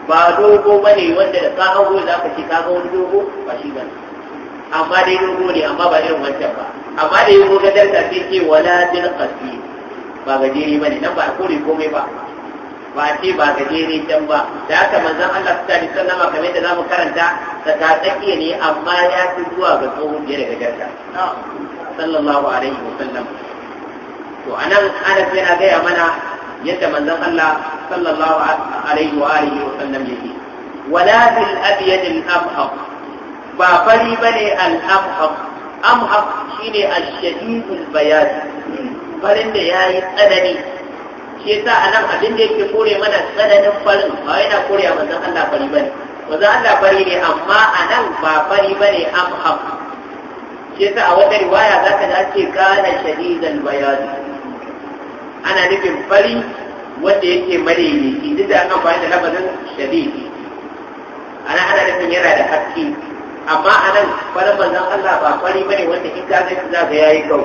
ba dogo ba ne wanda da ka hago za ka ce ka ga wani dogo ba shi ba amma dai dogo ne amma ba irin wancan ba amma da yi ga darta sai ce wala bil qasir ba gajeri ba ne nan ba a kore komai ba ba ce ba gajere can ba da haka manzon Allah ta ni sallama kamar za mu karanta ta tsakiya ne amma ya fi zuwa ga tsohon da daga garta sallallahu alaihi sallam. to anan Anas yana gaya mana yadda manzon Allah sallallahu alaihi wa alihi wasallam yake wala fil abyad al abhaq ba fari bane al abhaq amhaq shine al shadid al bayan farin da yayi tsanani shi yasa anan abin da yake kore mana tsananin farin ba yana kore a manzon Allah fari bane manzon Allah fari ne amma anan ba fari bane amhaq shi yasa a wata riwaya za ka dace kana shadidan bayani ana nufin fari wanda yake madaidaici duk da aka bayar da lafazin shadidi ana ana nufin yana da haske amma a nan farin manzon Allah ba fari bane wanda in ka zai za ga yayi kau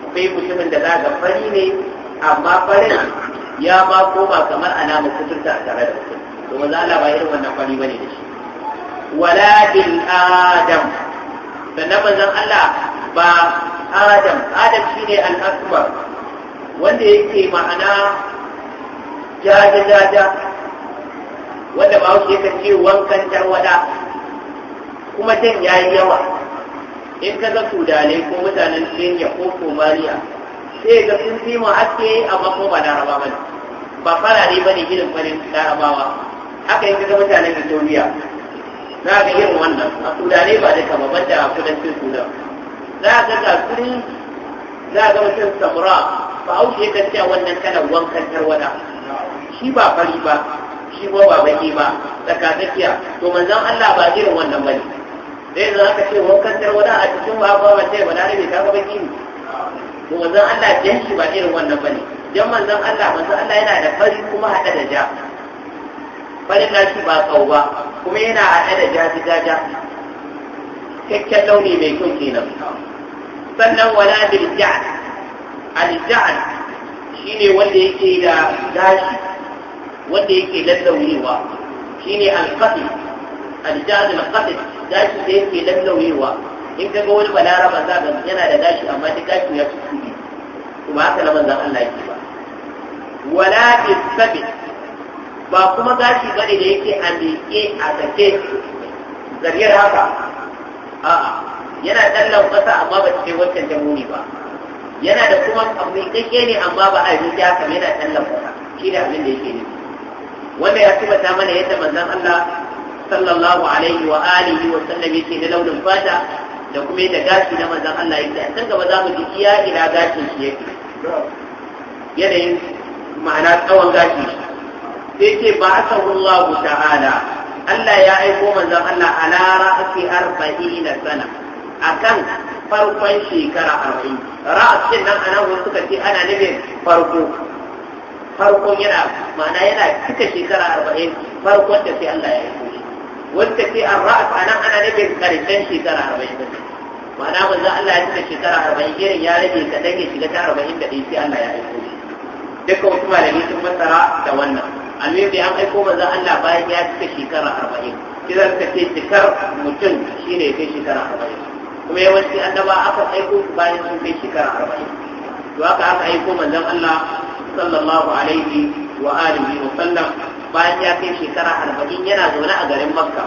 akwai mutumin da za ga fari ne amma farin ya ba koma kamar ana mutunta a tare da mutum to manzon Allah ba irin wannan fari bane da shi wala bil adam sannan manzon Allah ba Adam Adam shine al-akbar wanda yake ma'ana jaja jaja wanda ba su yake ce wankan tarwada kuma jan yayi yawa in ka ga sudale ko mutanen Kenya ko Somalia sai ga sun fi mu haske a ko ba da raba bane ba ne bane gidan farin larabawa haka in ga mutanen Ethiopia za ga irin wannan a sudanai ba da kama banda a kudancin sudan za ga ga sun za ga mutum samura ba haushe ka cewa wannan kalan wankan tarwada shi ba fari ba shi ba ba baki ba tsakatsakiya to manzon Allah ba irin wannan ba ne. dai yanzu aka ce wankan tarwada a cikin ba ba ba sai ba da ne ka ga baki ne to manzon Allah dan shi ba irin wannan ba bane dan manzon Allah manzon Allah yana da fari kuma haɗa da ja farin nashi ba tsawo ba kuma yana haɗe da jaji-jaja cikakken launi mai kyau kenan sannan wala bil ja'd al ja'd shine wanda yake da gashi wanda yake lallauyewa shine al qati al ja'd al qati gashi da yake lallauyewa in ka ga wani balaraba za ka yana da gashi amma duk gashi ya fito ne kuma haka na manzon Allah yake ba wala bil sabit ba kuma gashi ba ne da yake a miƙe a sake zariyar haka a'a yana ɗan ƙasa amma ba cikin wancan jamhuri ba yana da kuma miƙaƙƙe ne amma ba a riƙe haka yana ɗan ƙasa shi da abin da yake nufi wanda ya tubata mana yadda manzon Allah sallallahu alaihi wa alihi wa sallam yake na launin fata da kuma yadda gashi na manzon Allah yake a can gaba za mu ji iya ina gashin shi yake yanayin ma'ana tsawon gashin shi yake ba ta wallahu ta'ala Allah ya aiko manzon Allah ala ra'si 40 sana akan farkon shekara 40 ra'sin nan anan suka ce ana nufin farko farkon yana ma'ana yana cika shekara 40 farkon da sai Allah ya aiko shi wanda sai an ras anan ana nufin karshen shekara 40 ma'ana manzon Allah ya cika shekara 40 irin ya rage ka ya shiga ta ɗaya, sai Allah ya aiko shi duka wasu malami sun masara da wannan Amir annabi an aiko manzon Allah bayan ya cika shekara arba'in kiran ka ce cikar mutum shine ya kai shekara arba'in kuma yawanci annaba aka aiko su bayan sun kai shekara arba'in to haka aka aiko manzon Allah sallallahu alaihi wa alihi wa sallam bayan ya kai shekara arba'in yana zaune a garin makka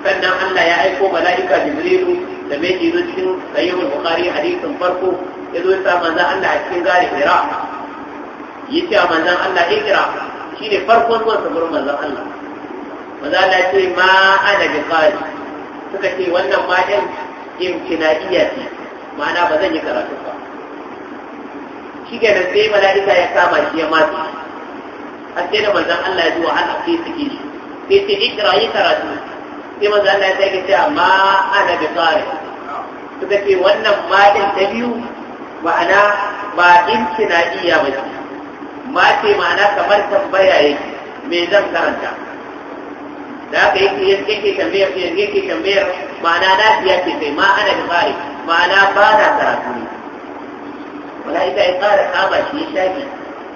sannan Allah ya aiko mala'ika jibrilu da mai jizo cikin sayyidul bukhari hadisin farko ya zo ya sa manzon Allah a cikin gari hira yace manzon Allah ikra shi ne farkon zuwan sa gurin manzon Allah maza Allah ce ma ana bi qari suka ce wannan ma din iya ce ma'ana ba zan yi karatu ba shi ke nan sai mala'ika ya kama shi ya matsi har sai da manzon Allah ya ji wahala sai suke shi sai ce ikra yi karatu sai manzon Allah ya sake ce amma ana bi qari suka ce wannan ma din ta biyu ma'ana ba iya ba ce ma ce ma'ana kamar tambaya yake me zan karanta da haka yake yake tambayar ke tambayar ma'ana na fiya ke sai ma ana da bari ma'ana ba na karatu ne wala ita ya tsara kama shi ya shafi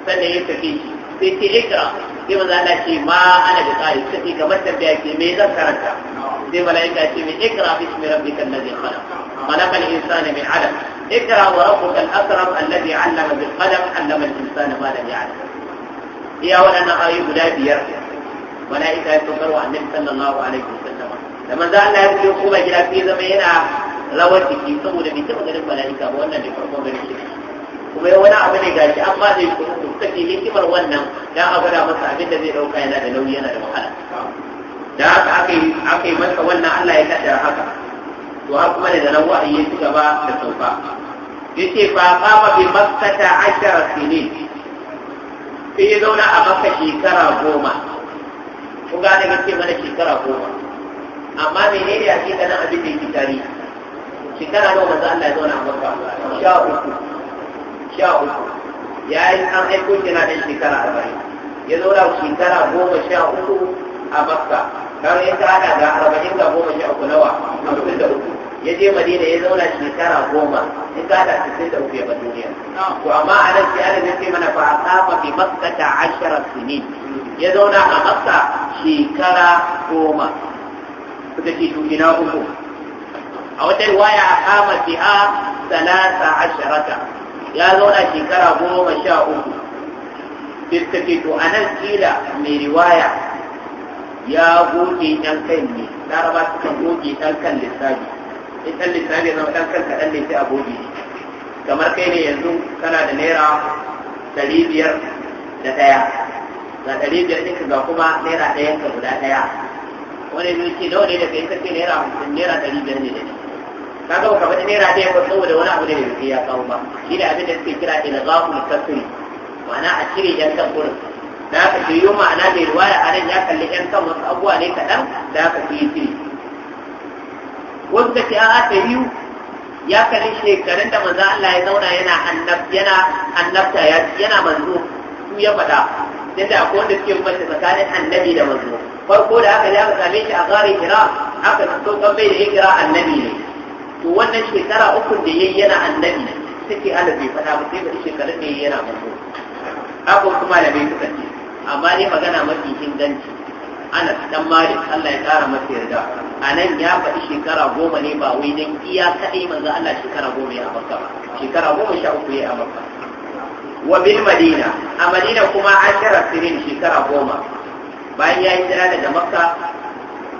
sannan ya tafi shi sai ce ikra sai maza na ce ma ana da bari ta ce kamar tambaya ke me zan karanta sai mala'ika ce me ikra bismi rabbikal ladhi khalaq khalaqal insana min 'alaq اقرأ وربك الأكرم الذي علم بالقلم علم الإنسان ما لم يعلم يا ولنا أي لا بير ملائكة يتوكلوا على النبي صلى الله عليه وسلم لما ذا الله يقول يقوم إلى في زمينا rawar jiki saboda bai taɓa ganin mala'ika ba wannan bai farko gani shi kuma yau wani abu ne gashi an ba zai kuma take hikimar wannan dan a gwada masa abin da zai ɗauka yana da nauyi yana da wahala da haka aka yi masa wannan Allah ya kaddara haka to har kuma da nan wa'ayi ya ci gaba da sauka yace fa kama bi makkata ashara sinin sai ya zauna a makka shekara goma ku gane yake mana shekara goma amma menene ya ce kana abin da yake tari shekara goma za Allah ya zauna a makka sha uku sha uku ya yi an aiko shi na ɗan shekara arba'in ya zauna shekara goma sha uku a makka kawai ya ta hada ga arba'in ga goma sha uku nawa hamsin da uku ya je madina ya zauna shekara goma in ka da sittin da uku ya bar duniya to amma a nan sai Allah ya ce mana fa aqama bi makkata ashara sinin ya zauna a makka shekara goma suka ce shugina uku a wata riwaya aqama biha salasa asharata ya zauna shekara goma sha uku suka ce to a nan kila mai riwaya ya goge ɗan kan ne raba suka goge ɗan kan lissafi in ɗan lissafi zama ɗan kanka ɗan ne sai a kamar kai ne yanzu kana da naira ɗari biyar da ɗaya ga ɗari biyar ɗinka ga kuma naira ɗayan ka guda ɗaya wani zai ce nawa ne da kai kace naira hamsin naira ɗari biyar ne da ni kaga baka faɗi naira ɗaya ba saboda wani abu da kai ya kawo ba shi ne abin da suke kira ilghaqul kasri ma'ana a cire yan kan gurin da aka ce yau ma'ana da ruwaya a nan ya kalli yan kan wasu abubuwa ne kaɗan da aka ce cire wasu ka ce a ta biyu ya kalli shekarun da manzo Allah ya zauna yana annab yana annabta yana manzo su ya fada dan akwai wanda suke mace tsakanin annabi da manzo farko da aka ji aka same shi a gari kira aka so kan bai da ya kira annabi ne to wannan shekara uku da yayi yana annabi take Allah bai fada ba sai da shekarun da yayi yana manzo haka kuma da bai suka ce amma ne magana mafi inganci anas dan malik Allah ya kara masa yarda A nan ya faɗi shekara goma ne ba wai dan iya kaɗai manzo Allah shekara goma ya makka shekara goma sha uku ya makka wa bil madina a madina kuma ashara sirin shekara goma bayan ya yi tsira daga makka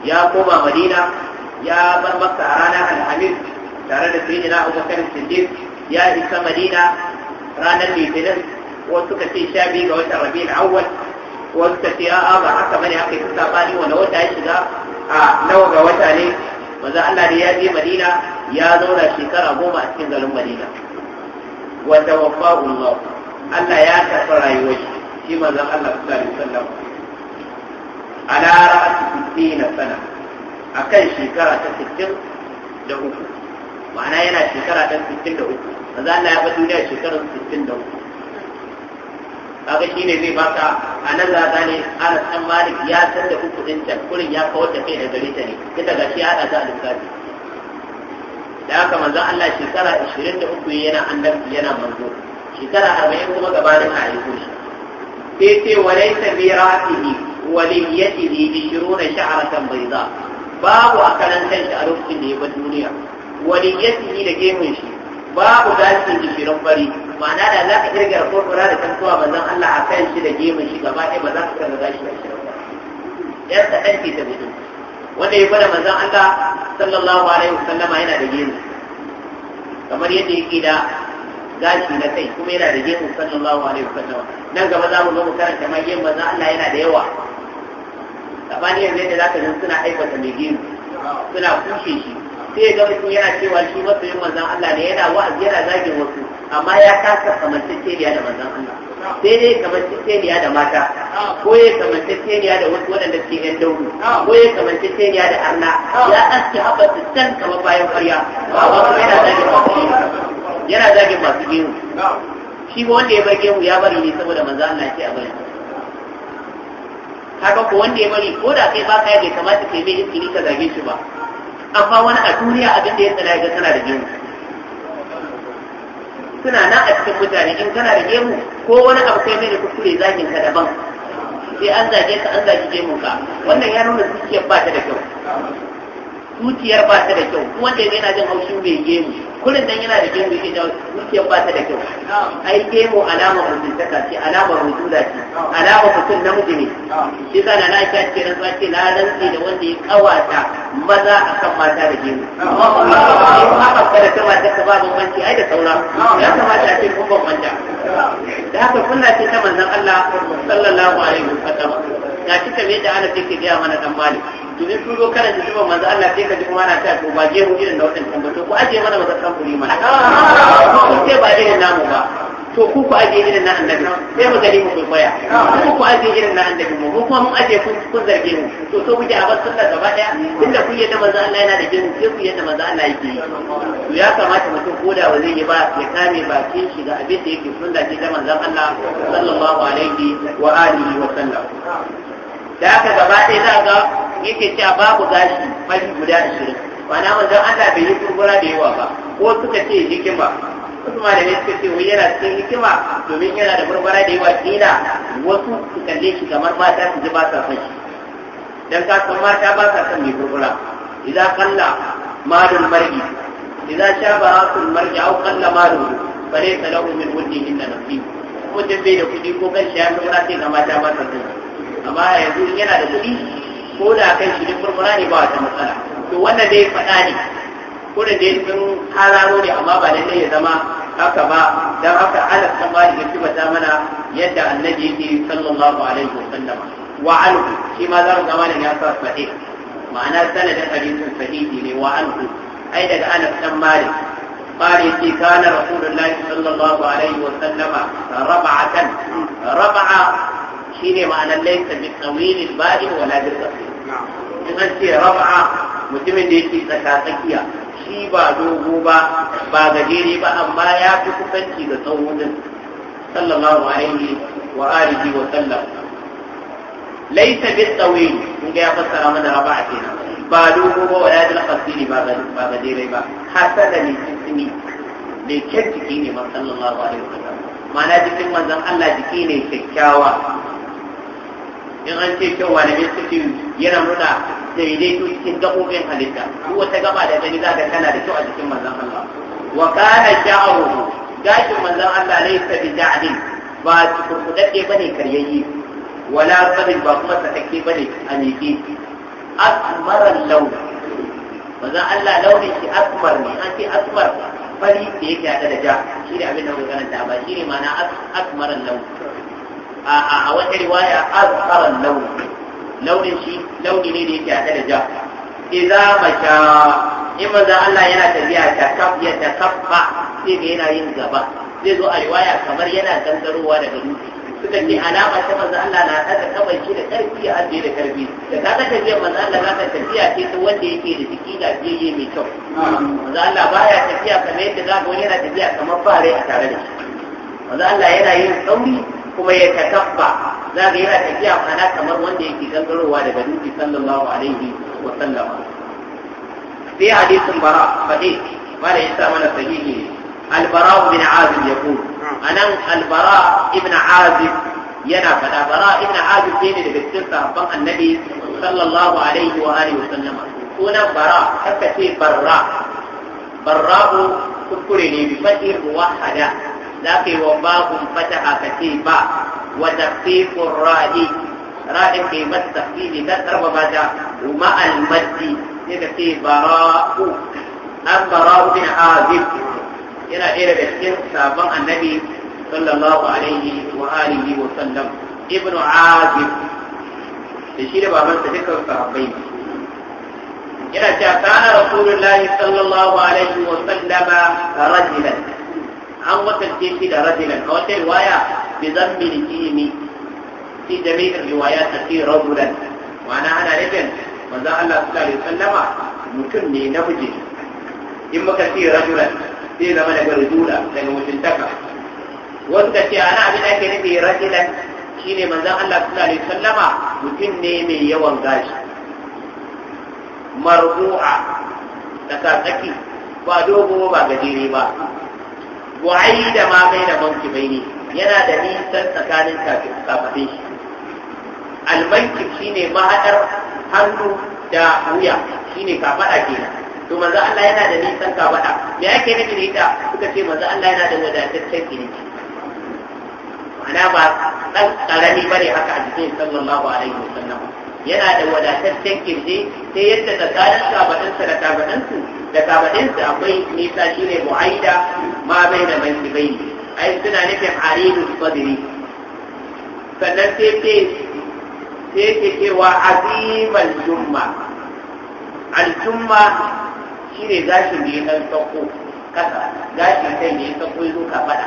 ya koma madina ya bar makka a ranar alhamis tare da sayyidina abubakar siddiq ya isa madina ranar litinin wasu ka ce sha biyu ga watan rabin awwal wasu ta ce a'a ba haka bane haka yi sabani wani wata ya shiga a nawa ga wata ne manzo Allah ne ya je Madina ya zauna shekara goma a cikin garin Madina wa tawaffahu Allah Allah ya karɓi rayuwar shi shi manzo Allah sallallahu alaihi wasallam ala ra'ati 60 sana akan shekara ta 60 da uku ma'ana yana shekara ta 63 manzo Allah ya bar duniya shekarar 63 kaga shine zai baka anan za ka ne Anas dan Malik ya san da uku din can kurin ya kawar da kai da gare ta ne ita ga shi ya hada ta al-Bukhari da haka manzon Allah shekara 23 yana annabi yana manzo shekara 40 kuma gabanin a yi shi sai ce walaysa bi rafihi waliyatihi bi shuruna sha'ratan bayda babu a karan kanshi a lokacin da ya bar duniya waliyatihi da gemun shi babu gashi 20 bari. ma'ana da za ka kirga ko kura da tantuwa manzon Allah a kan shi da gemun shi gaba ɗaya ba za ka kirga gashi ba shi ya ta ɗan ta mutum wanda ya gwada manzon Allah sallallahu alaihi wa sallama yana da gemu kamar yadda yake da gashi na kai kuma yana da gemu sallallahu alaihi wa sallama. nan gaba za mu zo mu karanta ma gemun manzon Allah yana da yawa gabanin yanzu yadda za ka jin suna aikata mai gemu suna kushe shi sai ga mutum yana cewa shi masu yin manzan Allah ne yana wa'azi yana zagin wasu amma ya kasa kamanceceniya da manzan Allah sai dai kamanceceniya da mata ko ya kamanceceniya da wasu waɗanda ke yan dauru ko ya kamanceceniya da arna ya aske haɓar su can kamar bayan ƙarya ba wasu yana zagin masu yana zagin masu gemu shi wanda ya bar gemu ya bari ne saboda manzan Allah ke a bayan haka ko wanda ya bari ko da kai ba ka bai kamata ka yi mai iskiri ka zage shi ba amma wani a duniya a da ya tsala ya kana da gemu suna nan a cikin mutane in kana da gemu ko wani abu kai mai da kuskure zagin ka daban sai an zage ka an zage gemun ka wannan ya nuna zuciyar ba ta da kyau zuciyar ba ta da kyau wanda yana jin haushin bai gemu kurin nan yana da gemu yake jawo zuciyar ba ta da kyau ai gemu alama mutum ta kace alama rujula ce alama mutum namiji ne shi kana na ta ce rantsuwa ce na rantsi da wanda ya kawata maza akan mata da gemu haka ka ta mata ka ba bambanci ai da saura ya kamata a ce kun bambanta da haka sunna ce ta manzon Allah sallallahu alaihi wasallam ga shi mai da ana take gaya mana dan mali to ne sun zo karanta zuba manzo Allah sai ka ji kuma ana ta to ba je mu irin da wannan ba to ku aje mana mazakan kuri mana ku ce ba irin namu ba to ku ku aje irin na annabi sai mu gani mu kwaikwaya ku ku aje irin na annabi mu ku kuma mun aje kun kun zarge mu to so kuke a bar sunna gaba daya inda ku yadda manzo Allah yana da jinin sai ku yadda manzo Allah yake yi to ya kamata mutum koda ba zai yi ba ya kame bakin shi ga abin da yake sunna ce da manzo Allah sallallahu alaihi wa alihi wa sallam da aka gaba ɗaya za ga yake cewa babu gashi fari guda ashirin ma'ana manzon Allah bai yi turbura da yawa ba ko suka ce hikima wasu malamai suka ce wani yana cikin hikima domin yana da burbura da yawa kila wasu su kalle shi kamar mata su ji ba sa son shi dan ka san mata ba sa son mai burbura idza qalla malul mar'i idza shaba asul mar'i au kalla maluhu falaysa salahu min wajhihi illa nasib ko bai da kuɗi ko kan shi ya nuna, sai ga mata ba sa son shi amma yanzu in yana da kuɗi ko da kai shi furfura ne ba wata matsala to wannan dai faɗa ne ko da dai sun hararo ne amma ba lallai ya zama haka ba dan haka ana san ba ya ci bata mana yadda annabi yake sallallahu alaihi wasallam wa anhu shi ma za mu ga malam ya sa sahih ma'ana sanadin hadisin sahihi ne wa anhu ai daga Anas dan Malik قال كان رسول الله صلى الله عليه وسلم ربعة ربعة shine ma'anar laisa bi tsawilin ba'in wala bi tsawil in an ce raba'a mutumin da yake tsaka tsakiya shi ba dogo ba ba gajere ba amma ya fi kusanci da tsawon sallallahu alaihi wa alihi wa sallam laisa bi tsawil in ga ya fassara mana raba'a kenan ba dogo ba wala bi tsawil ba gajere ba hasada ne cikin ne kyan jiki ne ma sallallahu alaihi wa sallam ma'ana jikin manzon Allah jiki ne kyakkyawa in an ce kyau wani ne cikin yana nuna daidaito cikin gaɓoɓin halitta duk wata gaba da gani za ta kana da kyau a cikin manzon Allah wa kana sha'ruhu gashin manzon Allah laysa bi da'din ba kurkudadde bane karyayye wala fadil ba kuma sakakke bane a miƙe asmaran launi manzon Allah launin shi asmar ne an ce asmar fari da yake haɗa da ja shi ne abin da muka ta ba shi ne ma'ana asmaran launi a wata riwaya azkara launi launin shi launi ne da yake haɗe da ja idza maka in maza Allah yana tafiya ta kaf ya ta kaffa sai ga yana yin gaba zai zo a riwaya kamar yana gangarowa daga dutse suka ce alama ta maza Allah na ɗaga kamar shi da ƙarfi a ajiye da ƙarfi da ka ta tafiyar maza Allah za ta tafiya ke ta wanda yake da jiki lafiyayye mai kyau maza Allah baya tafiya kamar yadda za ka wani yana tafiya kamar fare a tare da shi maza Allah yana yin tsauri kuma ya takabba za da yana tafiya mana kamar wanda yake gangarowa daga dutse sallallahu alaihi wa sallama sai hadisin bara fadi mala yasa mana sahihi البراء بن عازب يقول أنا البراء ابن عازب ينا فلا براء ابن عازب دين لبسر صحبان النبي صلى الله عليه وآله وسلم هنا براء حتى في براء براء تذكرني بفتح موحدة za ka yi wa babun fataha ka ce ba wa tafsirun ra'i ra'in ka yi mata tafsiri don tsarbaba ta ma almaddi sai ka ce bara'u bin azib yana ɗaya daga sabon annabi sallallahu alaihi wa wa sallam ibnu azib da shi da yana sallallahu wa sallama an watance shi da rajulan a wata riwaya bi zambil jimi fi jami'in riwaya ta fi rajulan ma'ana ana nufin manzon Allah sallallahu alaihi wasallama mutum ne namiji in muka ce rajulan zai zama daga rujula daga mutuntaka wasu ka ce ana abin da ake nufi rajulan shine manzon Allah sallallahu alaihi wasallama mutum ne mai yawan gashi marbu'a tsaka tsaki ba dogo ba gajere ba wa'ai da ma mai da banki bai ne yana da nisan tsakanin kafafe shi albanki shine mahaɗar hannu da wuya shine kafaɗa ke to manzo Allah yana da nisan kafaɗa me yake nake da ita suka ce manzo Allah yana da wadataccen kirki Ana ba ɗan ƙarami ne haka a jikin sallallahu alaihi wasallam yana da wadataccen kirji sai yadda tsakanin kafaɗinsa da kafaɗinsu da kabadinsu akwai nisa shi ne mu'aida ma bai da mandibai ai suna nufin aridul sadri sannan sai ke sai ce cewa azimal jumma aljumma shi ne gashin da ya ɗan sauko kasa gashin kai ne ya sauko ya zo ka faɗa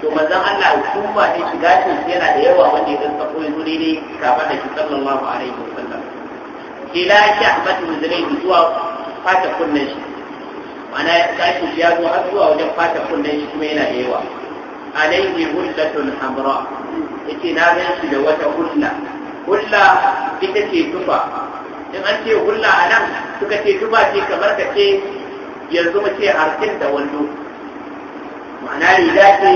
to manzon Allah aljumma ne shi gashin yana da yawa wanda ya ɗan sauko ya zo daidai ka fada shi sallallahu alaihi wasallam ila sha'batul zulaybi zuwa fata kunnen shi mana ya shi ya zo har zuwa wajen fata kunnen shi kuma yana da yawa alaihi hullatun hamra yace na gan shi da wata hulla hulla ita ce tufa in an ce hulla a nan suka ce tufa ce kamar ka ce yanzu mu ce harkin da wando ma'ana riga ce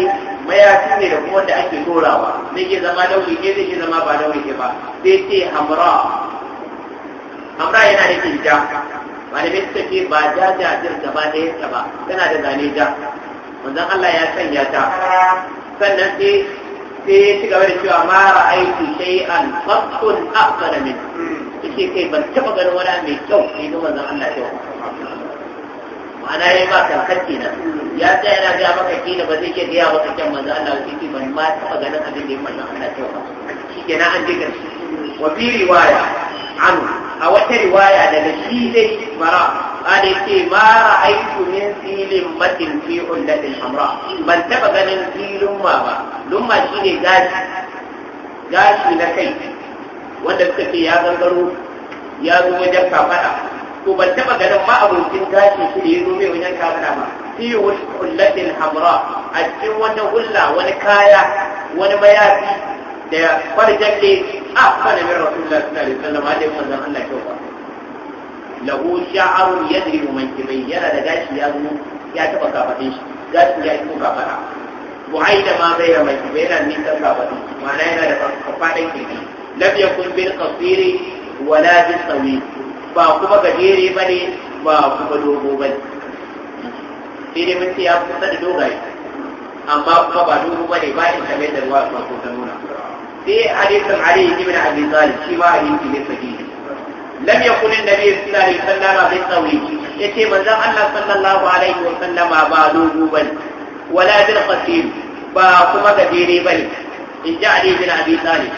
mayafi ne da kuma wanda ake dorawa zai ke zama dauri ke zai ke zama ba dauri ke ba sai ce hamra hamra yana nufin ja Malamin ta ce ba ja jajir gaba ɗaya ta ba tana eh, da zane ja Wanzan Allah ya sanya ta sannan sai sai ya ci gaba da cewa ma sai an qattun aqbala min yake kai ban taba ganin wani mai kyau ne ga manzon Allah kyau ma'ana yayi ba kankan na ya tsaya yana ga maka kina ba zai iya gaya maka kyan manzo Allah ke ban ma taba ganin abin da ya manzon Allah kyau ba shikenan an je garshi wa bi riwaya an a wata riwaya daga shi dai bara ana ce ma ra'aitu min filin matin fi ullatil hamra ban taba ganin filin ma ba lumma shine gashi gashi na kai wanda suka ce ya gangaro ya zo wajen kafada to ban taba ganin ma abokin gashi shi da ya zo mai wajen kafada ba fi ullatil hamra a cikin wani hulla wani kaya wani mayafi Ah, da ya farjan ne a sanamin rasulullah sallallahu alaihi wasallam hadin manzon Allah kyau ba lahu sha'arun yadribu mankibai yana da gashi ya zo ya taba kafadin shi gashi ya yi ko kafada buhai da ma bai da mankibai yana nisan kafadin ma'ana yana da kafadan kirki lam yakun bil qasiri wala bil tawil ba kuma gajere bane ba kuma dogo bane sai dai mun ya kusa da dogaye amma kuma ba dogo bane ba in kamar da ruwa ko ta nuna sai hadisin Ali ibn Abi Talib shi ma hadisi ne sahihi lam yakun annabi sallallahu alaihi wasallam bi tawhid yace manzon Allah sallallahu alaihi wasallam ba dubu bane wala bil qasim ba kuma da dire bane in ja Ali ibn Abi Talib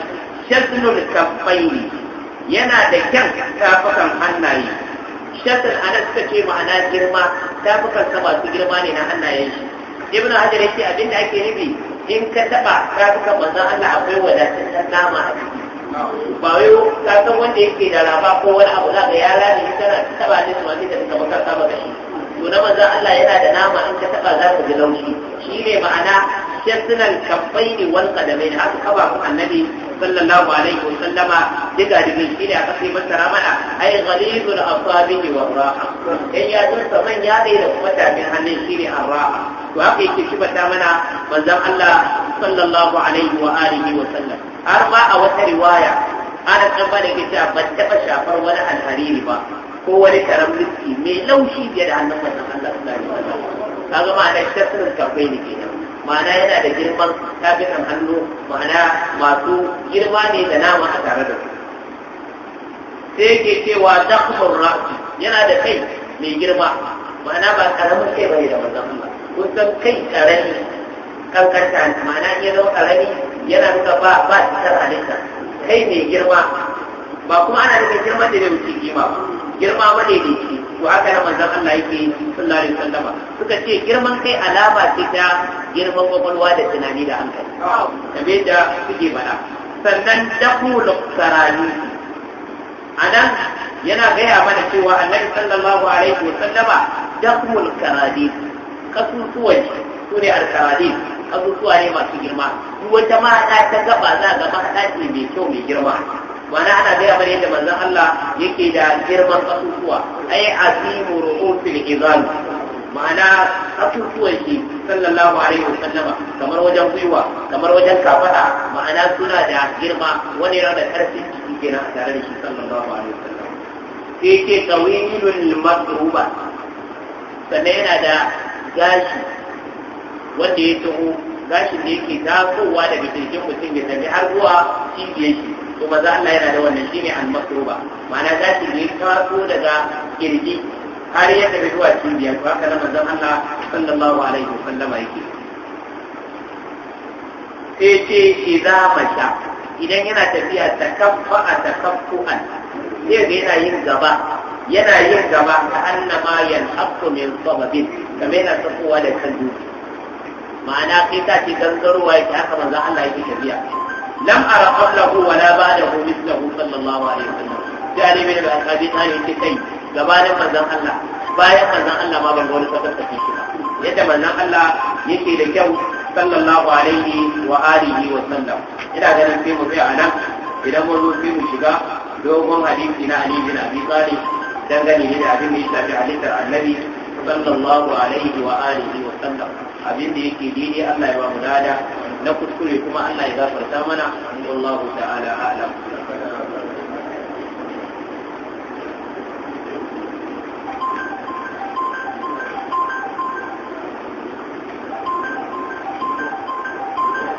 shaddu al yana da kyau kafukan hannaye shaddu al adaka ce ma'ana girma kafukan sa su girma ne na hannayen shi ibn Hajar yake abinda ake nufi in ka taba rafukan manzon Allah akwai wadataccen nama a ciki ba wai ka san wanda yake da raba ko wani abu za yara ya rani kana taba ne su wani da suka makarta maka shi to na manzon Allah yana da nama in ka taba za ka ji laushi shi ne ma'ana shasunan kamfaini wal da haka kaba ku annabi sallallahu alaihi wa sallama diga diga shi ne aka sai masara mana ai ghalidul asabihi wa raha in ya tunsa manya da kuma tafin hannun shi ne arraha to haka yake shibata mana manzon Allah sallallahu alaihi wa alihi wa sallam har ma a wata riwaya ana dan bada ke cewa ban taɓa shafar wani alhariri ba ko wani karamliski mai laushi biye da hannun manzon Allah sallallahu alaihi wa sallam kaga ma'ana tasirin kafai ne kenan ma'ana yana da girman tafikan hannu ma'ana masu girma ne da nama a tare da su sai yake cewa dakhmur ra'si yana da kai mai girma ma'ana ba karamin kai bane da manzon Allah kusan kai karami kankanta ma'ana iya zama karami yana nuna ba ba cikin halitta kai mai girma ba kuma ana nufin girma da bai wuce kima ba girma ke to haka na manzon Allah yake sallallahu alaihi wasallama suka ce girman kai alama ce ta girman kwakwalwa da tunani da hankali kame da suke bada sannan dakulu A nan yana gaya mana cewa annabi sallallahu alaihi wa sallama, dahu karadi kasusuwan su ne alkaradi kasusuwa ne masu girma duk wata mahaɗa ta gaba za ga mahaɗa ce mai kyau mai girma mana ana gaya mana yadda manzon Allah yake da girman kasusuwa ai azimu ru'usil izal ma'ana kasusuwan shi sallallahu alaihi wa sallama kamar wajen gwiwa kamar wajen kafada ma'ana suna da girma wani yana da karfin jiki kenan a tare da shi sallallahu alaihi wa wasallam sai yake tawilul masruba sannan yana da gashi wanda ya taho gashin da yake tasowa daga jirgin mutum ya tafi har zuwa cibiyar shi to maza Allah yana da wannan shine al makruba ma'ana gashin da ya taso daga kirji har ya tafi zuwa cibiyar. to haka nan manzon Allah sallallahu alaihi sallam yake sai ce idza masha idan yana tafiya takaffa takaffuan sai ga yana yin gaba yana yin gaba ta annama yanhaqu min sababin kamar yana tsakowa da kan dutse ma'ana ke ta ce gangarowa yake haka manzo Allah yake tafiya lam ara qablahu wa la ba'dahu mithluhu sallallahu alaihi wasallam sai ne mai da hadisi ta yake kai gabanin manzon Allah bayan manzon Allah ma ban wani sabon tafi shi ba yadda manzon Allah yake da kyau sallallahu alaihi wa alihi wa sallam ina ganin sai mu a nan idan mun zo sai mu shiga dogon hadisi na Ali bin Abi Talib dangane ne da abin da ya shafi halittar annabi sallallahu alaihi wa alihi wa sallam abin da yake daidai Allah ya ba mu dada na kuskure kuma Allah ya gafarta mana wallahu ta'ala a'lam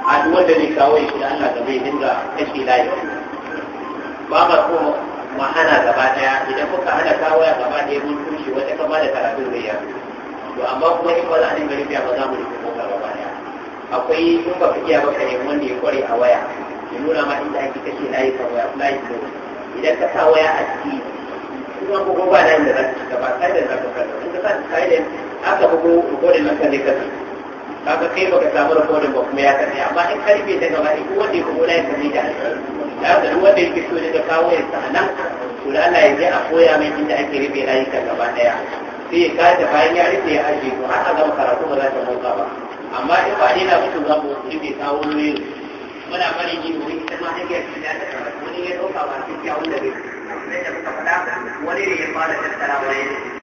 a duk wanda ne kawo shi Allah da zai dinga kashe layi ba ma kuma hana gaba daya idan muka hana kawaya gaba daya mun tushe wata kama da karatu zai ya to amma kuma in ba za a dinga rufiya ba za mu rufe ko gaba daya akwai in ba ka iya ba ka nemi wanda ya kware a waya ki nuna ma inda ake kashe layi ka waya layi ko idan ka sa waya a ciki kuma ko ba nan da za ka shiga ba kai da za ka in ka sa silent aka bugo recording nan kan ne ka kaga kai baka samu recording ba kuma ya kasance amma in karfe ta gaba in kuma ya ko layi ka ne da alƙalmi ya ga wanda yake so daga kawo ya sa nan to Allah ya je a koya mai inda ake rufe rayuka gaba daya sai ya kada bayan ya rufe ya aje to har a gama karatu ba za ta mauka ba amma in ba ne na mutum za mu rufe kawo ne muna bari ji mu ita ma ta gaya cikin yadda karatu wani ya ɗauka ba cikin yawon da bai wani da kuka faɗa wani ne ya fara tattara wani